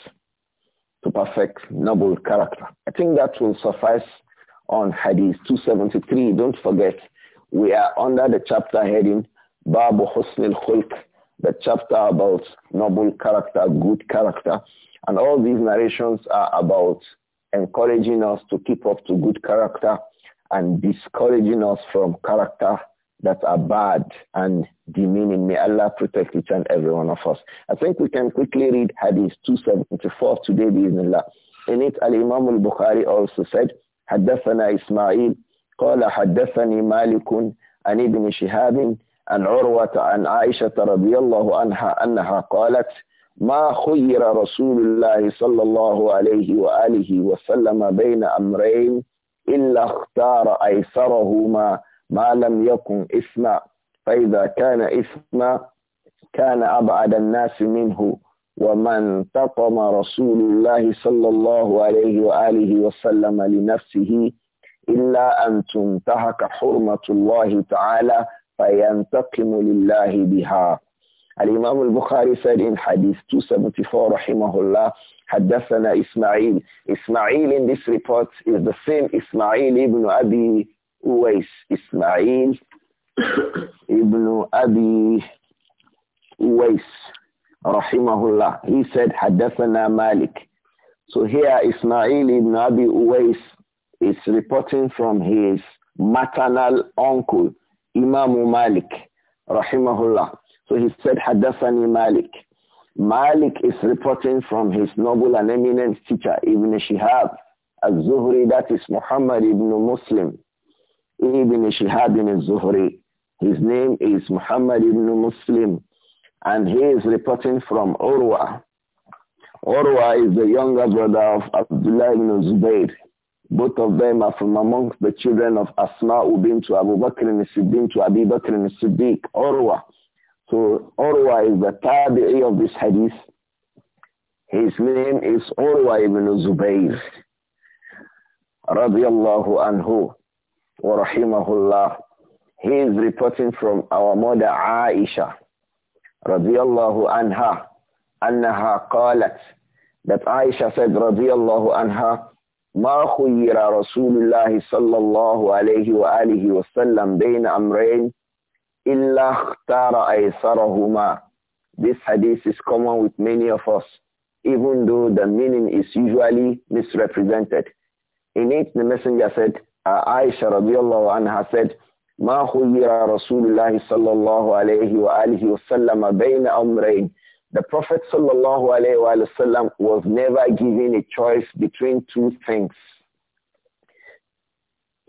to perfect noble character. I think that will suffice on Hadith 273. Don't forget, we are under the chapter heading Babu Husn al the chapter about noble character, good character. And all these narrations are about encouraging us to keep up to good character and discouraging us from character that are bad and demeaning. May Allah protect each and every one of us. I think we can quickly read Hadith 274 today, bismillah. In it, Al-Imam al-Bukhari also said, حدثنا إسماعيل قال حدثني مالك عن ابن شهاب عن عروة عن عائشة رضي الله عنها أنها قالت ما خير رسول الله صلى الله عليه وآله وسلم بين أمرين إلا اختار أيسرهما ما لم يكن إثما فإذا كان إثما كان أبعد الناس منه ومن تقم رسول الله صلى الله عليه وآله وسلم لنفسه إلا أن تنتهك حرمة الله تعالى فينتقم لله بها الإمام البخاري said in Hadith 274 رحمه الله حدثنا إسماعيل إسماعيل in this report is the same إسماعيل ibn Abi Uwais Ismail ibn Abi Uwais rahimahullah. He said, Haddathana Malik. So here Ismail ibn Abi Uwais is reporting from his maternal uncle, Imam Malik, rahimahullah. So he said, Haddathani Malik. Malik is reporting from his noble and eminent teacher, Ibn Shihab, al-Zuhri, that is Muhammad ibn Muslim, ibn Shihab ibn Zuhri. His name is Muhammad ibn Muslim and he is reporting from Urwa. Urwa is the younger brother of Abdullah ibn Zubayr. Both of them are from amongst the children of Asma ibn to Abu Bakr and Siddiq to Abi Bakr and Siddiq, Urwa. So Urwa is the tabi'i of this hadith. His name is Urwa ibn Zubayr. الله عنه rahimahullah, he is reporting from our mother Aisha, اللَّهُ anha, أنَّهَا قَالَتْ that Aisha said, اللَّهُ anha, ما خير رسول الله صلى الله عليه وآله وسلم بين أمرين إلا اختار أيسرهما. This hadith is common with many of us, even though the meaning is usually misrepresented. In it, the messenger said, uh, Aisha radiallahu anha said, ما خير رسول الله صلى الله عليه وآله وسلم بين أمرين the Prophet صلى الله عليه وآله وسلم was never given a choice between two things.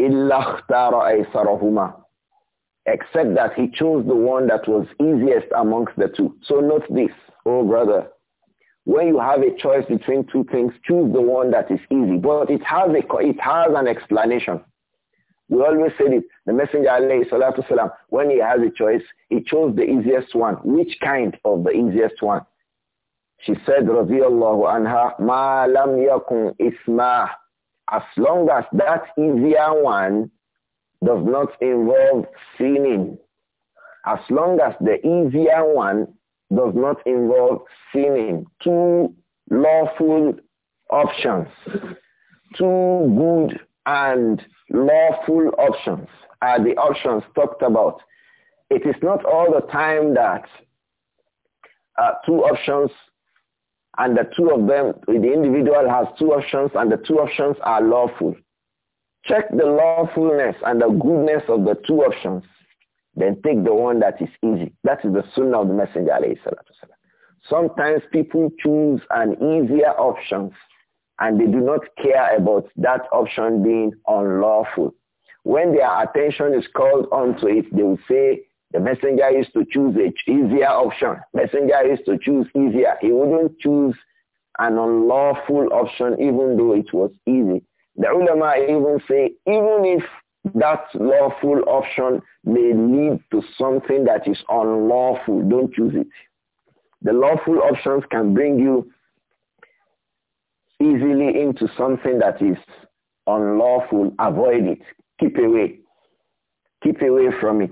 إلَّا Except that he chose the one that was easiest amongst the two. So note this, oh brother. When you have a choice between two things, choose the one that is easy. But it has, a, it has an explanation. We always said it. The Messenger, alayhi when he has a choice, he chose the easiest one. Which kind of the easiest one? She said, anha, ma lam yakun isma. As long as that easier one does not involve sinning. As long as the easier one does not involve sinning. Two lawful options. Two good and lawful options are the options talked about. It is not all the time that uh, two options and the two of them, the individual has two options and the two options are lawful. Check the lawfulness and the goodness of the two options then take the one that is easy. That is the sunnah of the messenger, alayhi salatu Sometimes people choose an easier option and they do not care about that option being unlawful. When their attention is called onto it, they will say, the messenger is to choose an easier option. Messenger is to choose easier. He wouldn't choose an unlawful option even though it was easy. The ulama even say, even if that lawful option may lead to something that is unlawful. Don't choose it. The lawful options can bring you easily into something that is unlawful. Avoid it. Keep away. Keep away from it.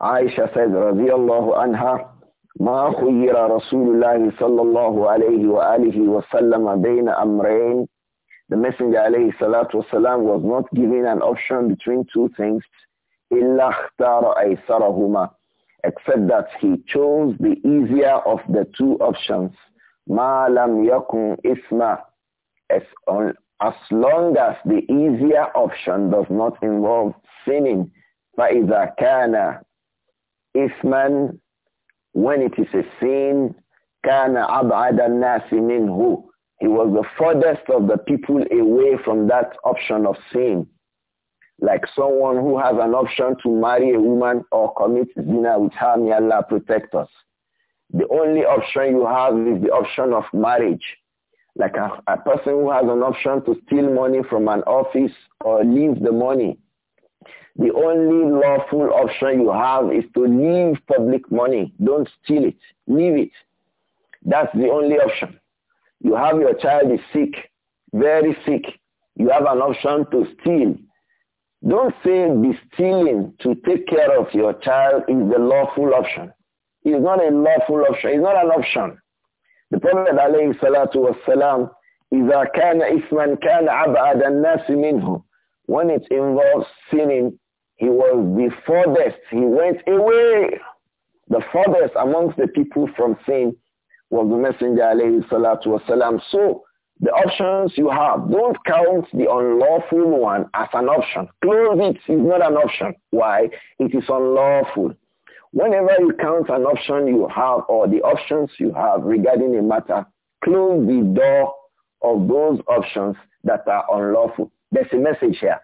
Aisha said, radiyallahu anha, ma khuyira Rasulullah sallallahu صلى wa alihi وآله وسلم بين أمرين the Messenger alayhi salatu wasalam was not given an option between two things, except that he chose the easier of the two options, ma lam yakun isma, as, on, as long as the easier option does not involve sinning. فَإِذَا كَانَ إِثْمًا When it is a sin, كَانَ أَبْعَدَ النَّاسِ مِنْهُ he was the furthest of the people away from that option of sin. Like someone who has an option to marry a woman or commit zina with her, may Allah protect us. The only option you have is the option of marriage. Like a, a person who has an option to steal money from an office or leave the money. The only lawful option you have is to leave public money. Don't steal it. Leave it. That's the only option. You have your child is sick, very sick. You have an option to steal. Don't say be stealing to take care of your child is the lawful option. It's not a lawful option. It's not an option. The Prophet alayhi salatu wasalam, إذا كان إثما abad أبعد nasi minhu. When it involves sinning, he was the furthest. He went away. The furthest amongst the people from sin was the Messenger alayhi salatu wasalam. So the options you have, don't count the unlawful one as an option. Close it is not an option. Why? It is unlawful. Whenever you count an option you have or the options you have regarding a matter, close the door of those options that are unlawful. There's a message here.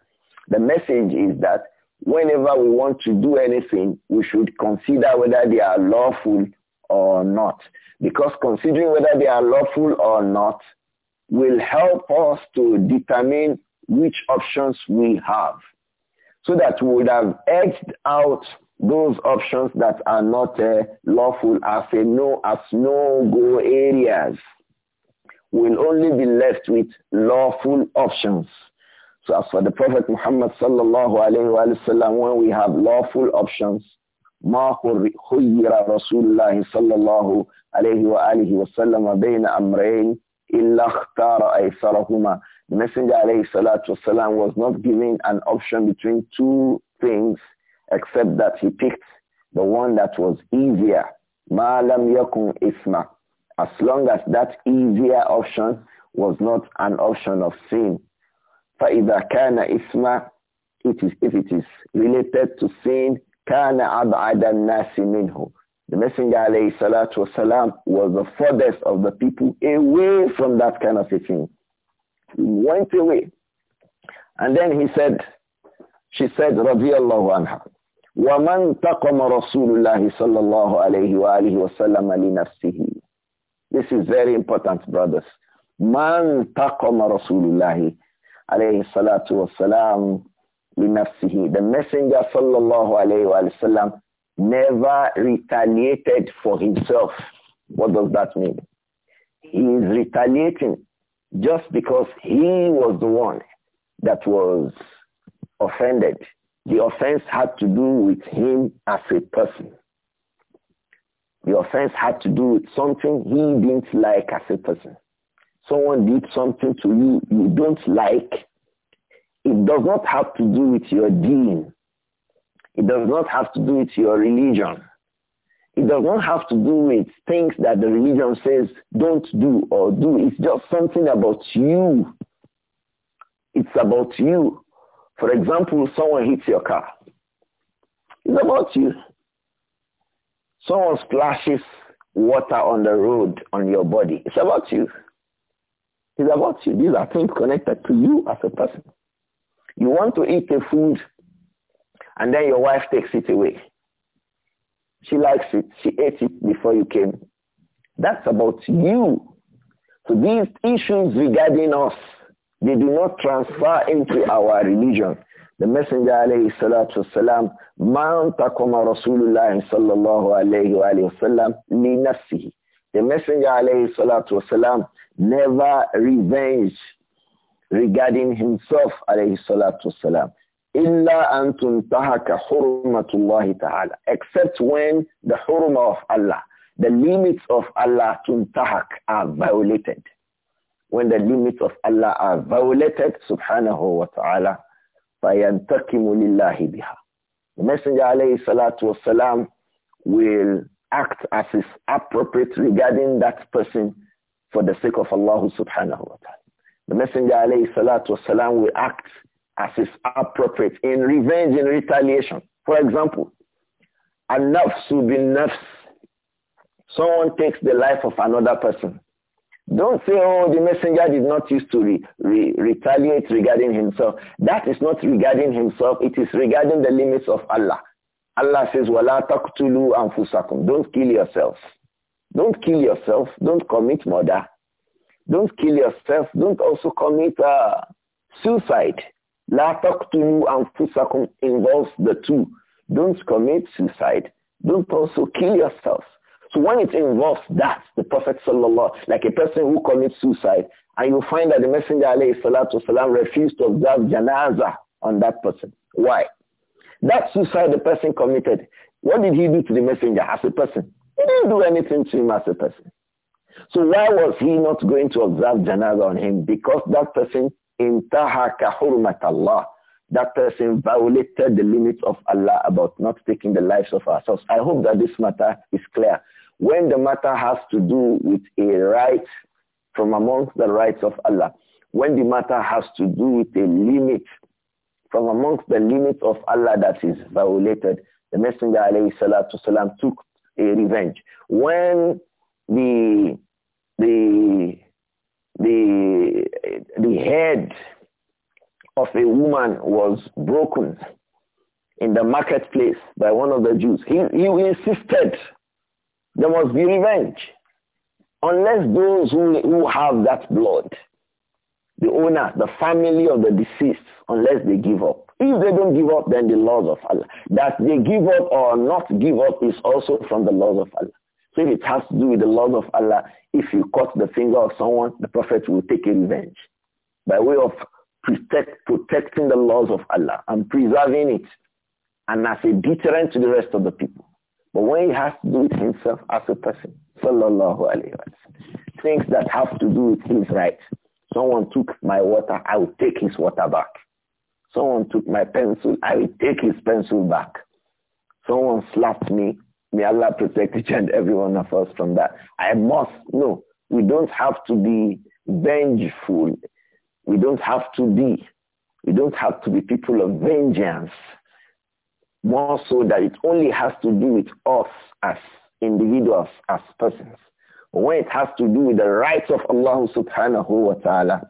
The message is that whenever we want to do anything, we should consider whether they are lawful or not. Because considering whether they are lawful or not will help us to determine which options we have so that we would have edged out those options that are not uh, lawful as a no as no go areas will only be left with lawful options. So as for the Prophet Muhammad sallallahu alaihi wasallam, when we have lawful options, ما خير رسول الله صلى الله عليه وآله وسلم بين أمرين إلا اختار أيسرهما The Messenger عليه الصلاة والسلام was not given an option between two things except that he picked the one that was easier ما لم يكن إثما As long as that easier option was not an option of sin فإذا كان إثما it is, if it is related to sin كان أبعد الناس منه the Messenger alayhi salatu wasalam was the furthest of the people away from that kind of a thing. He went away. And then he said, she said, radiallahu anha, وَمَنْ تَقَمَ رَسُولُ اللَّهِ صَلَّى اللَّهُ عَلَيْهِ وَآلِهِ وَسَلَّمَ لِنَفْسِهِ This is very important, brothers. مَنْ تَقَمَ رَسُولُ اللَّهِ عَلَيْهِ الصَّلَاةُ وَالسَّلَامُ the messenger sallallahu alayhi wa sallam never retaliated for himself what does that mean he is retaliating just because he was the one that was offended the offense had to do with him as a person the offense had to do with something he didn't like as a person someone did something to you you don't like it does not have to do with your deen. It does not have to do with your religion. It does not have to do with things that the religion says don't do or do. It's just something about you. It's about you. For example, someone hits your car. It's about you. Someone splashes water on the road on your body. It's about you. It's about you. These are things connected to you as a person. You want to eat the food and then your wife takes it away. She likes it. She ate it before you came. That's about you. So these issues regarding us, they do not transfer into our religion. The Messenger alayhi salatu wasalam, مَنْ تَقُمَ رَسُولُ اللَّهِ صَلَّى اللَّهُ عَلَيْهِ وَسَلَّمْ nafsihi. The Messenger alayhi salatu wasalam never revenged regarding himself alayhi salatu wasalam. Illa antun tahaka hurmatullahi ta'ala. Except when the hurma of Allah, the limits of Allah tuntahak are violated. When the limits of Allah are violated, subhanahu wa ta'ala, fayantakimu lillahi biha. The Messenger alayhi salatu wasalam will act as is appropriate regarding that person for the sake of Allah subhanahu wa ta'ala. The Messenger alayhi salatu wasalam will act as is appropriate in revenge, and retaliation. For example, a nafsu bin nafs. Someone takes the life of another person. Don't say, oh, the messenger did not used to re re retaliate regarding himself. That is not regarding himself. It is regarding the limits of Allah. Allah says, wala taqtulu anfusakum. Don't kill yourself. Don't kill yourself. Don't commit murder. Don't kill yourself. Don't also commit uh, suicide. La and anfusakum involves the two. Don't commit suicide. Don't also kill yourself. So when it involves that, the Prophet sallallahu like a person who commits suicide, and you find that the Messenger alayhi salatu wasalam refused to observe janaza on that person. Why? That suicide the person committed, what did he do to the Messenger as a person? He didn't do anything to him as a person. So why was he not going to observe janaza on him? Because that person intahaka hurmat Allah. That person violated the limits of Allah about not taking the lives of ourselves. I hope that this matter is clear. When the matter has to do with a right from amongst the rights of Allah, when the matter has to do with a limit from amongst the limits of Allah that is violated, the Messenger of Allah salam took a revenge. When the the the the head of a woman was broken in the marketplace by one of the Jews. He, he insisted there must be revenge. Unless those who, who have that blood, the owner, the family of the deceased, unless they give up. If they don't give up, then the laws of Allah. That they give up or not give up is also from the laws of Allah. So if it has to do with the laws of Allah, if you cut the finger of someone, the Prophet will take revenge by way of protect, protecting the laws of Allah and preserving it and as a deterrent to the rest of the people. But when he has to do with himself as a person, sallallahu alayhi wa things that have to do with his right. Someone took my water, I will take his water back. Someone took my pencil, I will take his pencil back. Someone slapped me, May Allah protect each and every one of us from that. I must, no, we don't have to be vengeful. We don't have to be. We don't have to be people of vengeance. More so that it only has to do with us as individuals, as persons. When it has to do with the rights of Allah subhanahu wa ta'ala,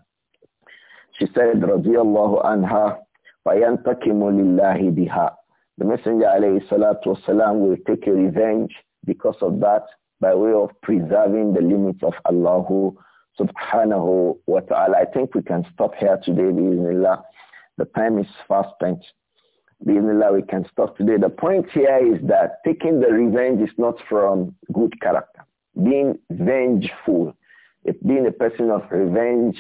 she said, رضي الله عنها, فَيَنْتَكِمُ لِلَّهِ بِهَا the Messenger alayhi salatu wasalam will take a revenge because of that by way of preserving the limits of Allah subhanahu wa ta'ala. I think we can stop here today, bismillah. The time is fast spent. Bismillah, we can stop today. The point here is that taking the revenge is not from good character. Being vengeful, if being a person of revenge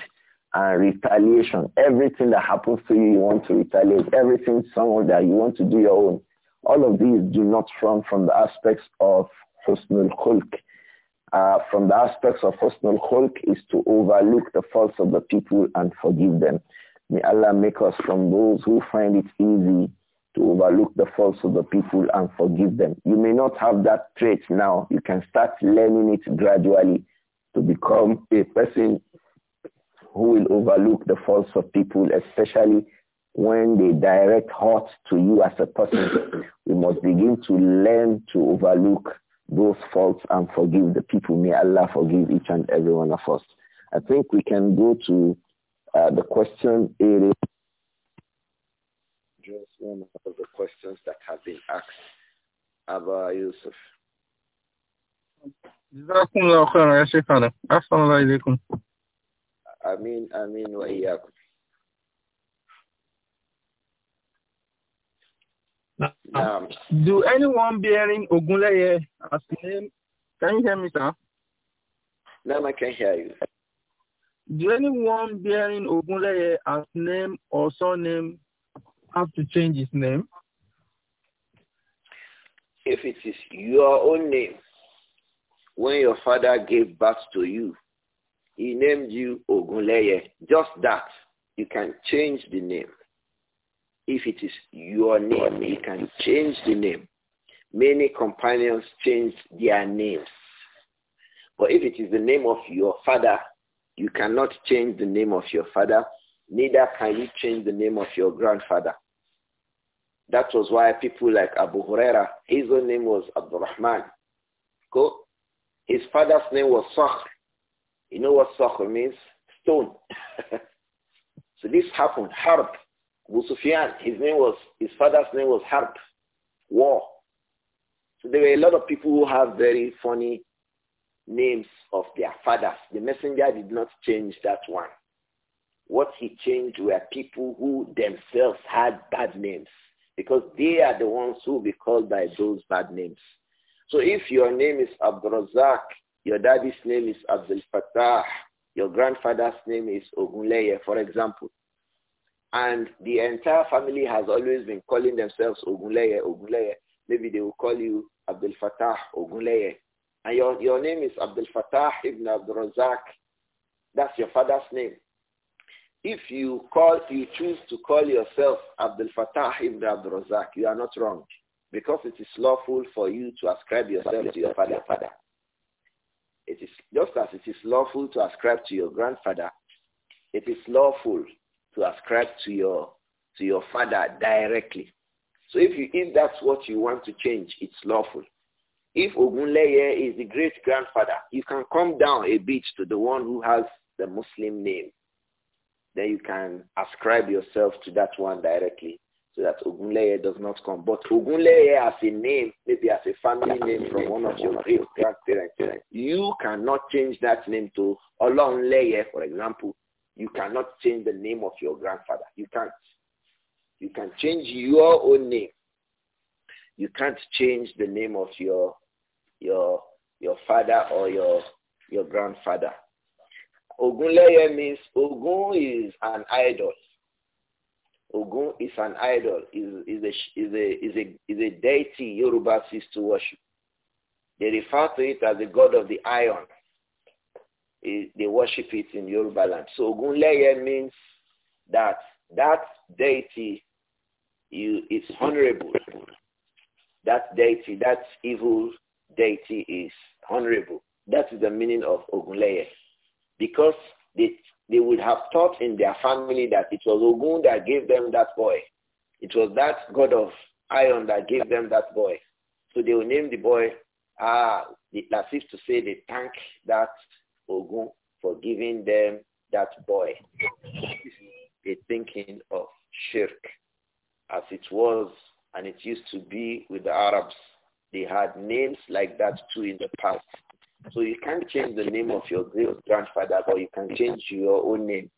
and retaliation. Everything that happens to you, you want to retaliate. Everything someone that you want to do your own. All of these do not come from the aspects of husnul khulq. Uh, from the aspects of husnul khulq is to overlook the faults of the people and forgive them. May Allah make us from those who find it easy to overlook the faults of the people and forgive them. You may not have that trait now. You can start learning it gradually to become a person who will overlook the faults of people, especially when they direct hurt to you as a person. we must begin to learn to overlook those faults and forgive the people. May Allah forgive each and every one of us. I think we can go to uh, the question area. Just one of the questions that have been asked. Abba Yusuf. I mean, وإياكم Now, um, do anyone bearing Ogunleye as name? Can you hear me, sir? No, I can hear you. Do anyone bearing Ogunleye as name or surname have to change his name? If it is your own name, when your father gave birth to you, he named you Ogunleye. Just that. You can change the name. If it is your name, you can change the name. Many companions change their names. But if it is the name of your father, you cannot change the name of your father. Neither can you change the name of your grandfather. That was why people like Abu Huraira, his own name was Abdurrahman. His father's name was Sakhr. You know what sakhr means? Stone. so this happened. Harp. Abu Sufyan, his name was, his father's name was Harp. War. So there were a lot of people who have very funny names of their fathers. The messenger did not change that one. What he changed were people who themselves had bad names because they are the ones who will be called by those bad names. So if your name is Abdurazak your daddy's name is Abdel Fattah. Your grandfather's name is Ogunleye, for example. And the entire family has always been calling themselves Ogunleye, Ogunleye. Maybe they will call you Abdel Fattah Ogunleye. And your, your name is Abdel Fattah Ibn Abdul Razak. That's your father's name. If you call, you choose to call yourself Abdel Fattah Ibn Abdul Razak, you are not wrong because it is lawful for you to ascribe yourself to your father. father. It is just as it is lawful to ascribe to your grandfather, it is lawful to ascribe to your to your father directly. So if you if that's what you want to change, it's lawful. If Ogunleye is the great grandfather, you can come down a bit to the one who has the Muslim name. Then you can ascribe yourself to that one directly so that Ogunleye does not come. But Ogunleye as a name, maybe as a family name from one of your real grandparents, you cannot change that name to Olonleye, for example. You cannot change the name of your grandfather. You can't. You can change your own name. You can't change the name of your your your father or your your grandfather. Ogunleye means Ogun is an idol. Ogun is an idol, is, is, a, is, a, is, a, is a deity Yoruba used to worship. They refer to it as the god of the iron. It, they worship it in Yoruba land. So Ogunleye means that that deity you, is honorable. That deity, that evil deity is honorable. That is the meaning of Ogunleye. Because they they would have thought in their family that it was Ogun that gave them that boy. It was that god of iron that gave them that boy. So they will name the boy, ah, if to say they thank that Ogun for giving them that boy. A thinking of shirk as it was and it used to be with the Arabs. They had names like that too in the past. So you can't change the name of your great grandfather, but you can change your own name.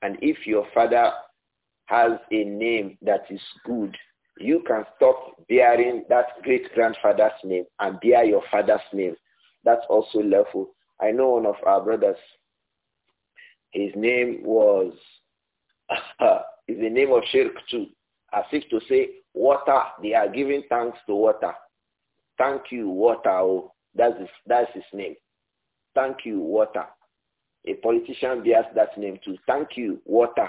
And if your father has a name that is good, you can stop bearing that great grandfather's name and bear your father's name. That's also lawful. I know one of our brothers. His name was is the name of Shirk too, as if to say water. They are giving thanks to water. Thank you, water. Oh. That's his, that's his name. Thank you, water. A politician bears that name too. Thank you, water.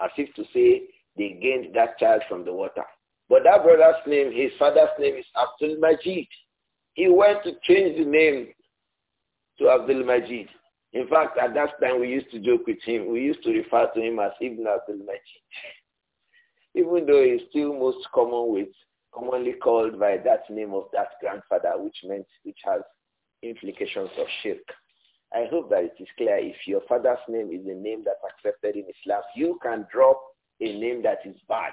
As if to say they gained that child from the water. But that brother's name, his father's name is Abdul Majid. He went to change the name to Abdul Majid. In fact, at that time we used to joke with him. We used to refer to him as Ibn Abdul Majid. Even though he's still most common with commonly called by that name of that grandfather, which meant which has implications of shirk. I hope that it is clear. If your father's name is a name that's accepted in Islam, you can drop a name that is bad,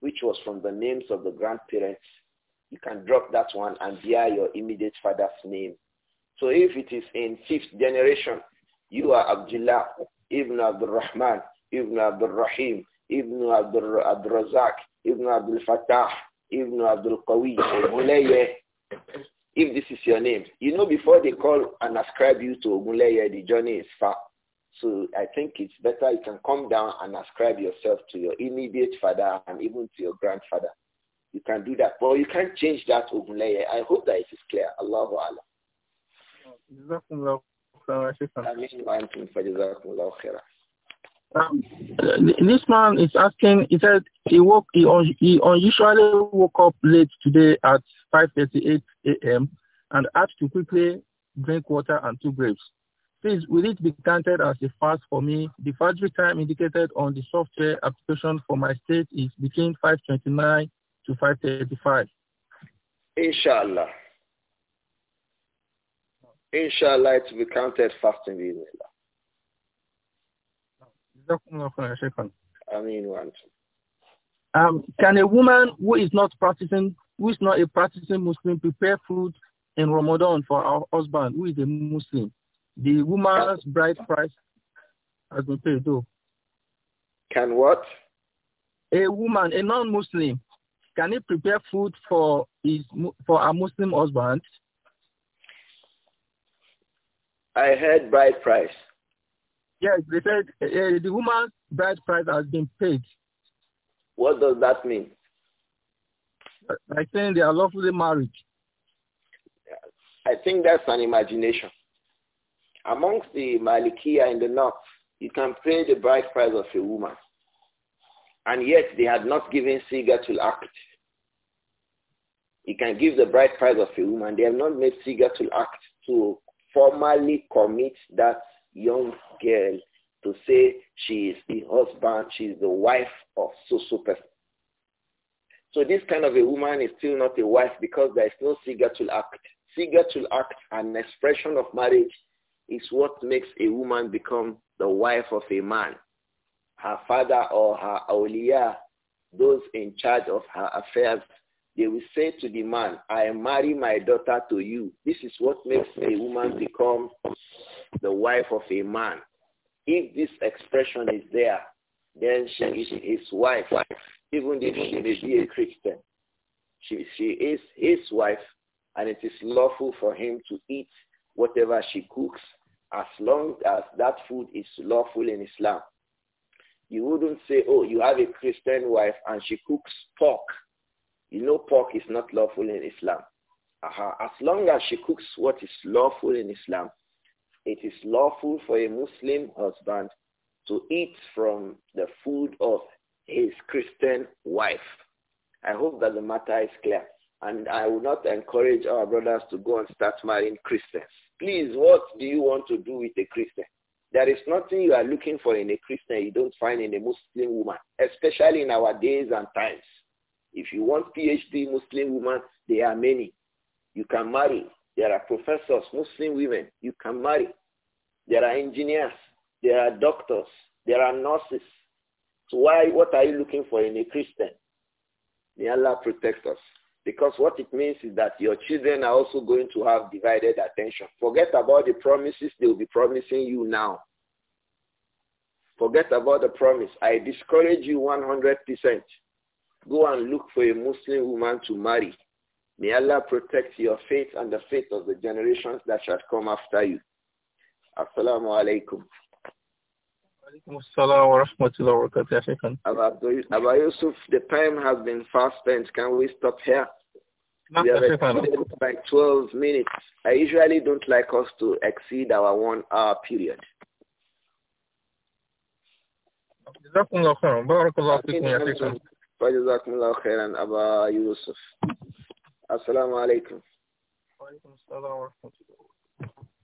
which was from the names of the grandparents. You can drop that one and bear your immediate father's name. So if it is in fifth generation, you are Abdullah, Ibn Abdul Rahman, Ibn Abdul Rahim, Ibn Abdul, Abdul Razak, Ibn Abdul Fattah, Ibn Abdul Qawi Omuleye, if this is your name, you know before they call and ascribe you to Omuleye, the journey is far. So I think it's better you can come down and ascribe yourself to your immediate father and even to your grandfather. You can do that, but you can't change that Omuleye. I hope that it is clear. Allahu Allah. I mean, for um, this man is asking, he said he woke, he, un, he unusually woke up late today at 5.38 a.m. and had to quickly drink water and two grapes. Please, will it be counted as a fast for me? The factory time indicated on the software application for my state is between 5.29 to 5.35. Inshallah. Inshallah, it will be counted fasting. Um, can a woman who is not practicing, who is not a practicing Muslim, prepare food in Ramadan for her husband who is a Muslim? The woman's bride price has been paid though. Can what? A woman, a non-Muslim, can he prepare food for his for a Muslim husband? I heard bride price. Yes, they said uh, the woman's bride price has been paid. What does that mean? I think they are lawfully married. I think that's an imagination. Amongst the Malikiya in the north, you can pay the bride price of a woman. And yet they had not given Sigatul Act. You can give the bride price of a woman. They have not made Sigatul Act to formally commit that young girl to say she is the husband, she is the wife of so-so person. So this kind of a woman is still not a wife because there is no sigatul act. Sigatul act, an expression of marriage, is what makes a woman become the wife of a man. Her father or her awliya, those in charge of her affairs, they will say to the man, I marry my daughter to you. This is what makes a woman become the wife of a man. If this expression is there, then she is his wife, even if she may be a Christian. She, she is his wife, and it is lawful for him to eat whatever she cooks as long as that food is lawful in Islam. You wouldn't say, oh, you have a Christian wife and she cooks pork. You know pork is not lawful in Islam. Uh -huh. As long as she cooks what is lawful in Islam, it is lawful for a Muslim husband to eat from the food of his Christian wife. I hope that the matter is clear. And I will not encourage our brothers to go and start marrying Christians. Please, what do you want to do with a Christian? There is nothing you are looking for in a Christian you don't find in a Muslim woman, especially in our days and times. If you want PhD Muslim women, there are many. You can marry. There are professors, Muslim women. You can marry. There are engineers. There are doctors. There are nurses. So why, what are you looking for in a Christian? May Allah protect us. Because what it means is that your children are also going to have divided attention. Forget about the promises they will be promising you now. Forget about the promise. I discourage you 100%. Go and look for a Muslim woman to marry. May Allah protect your faith and the faith of the generations that shall come after you. Assalamu alaikum. Aba Yusuf, the time has been fast spent. Can we stop here? We have exceeded by 12 minutes. I usually don't like us to exceed our one hour period. جزاكم الله خيرا بارك wa فيكم يعطيكم فجزاكم الله خيرا أبا يوسف السلام عليكم وعليكم السلام ورحمة الله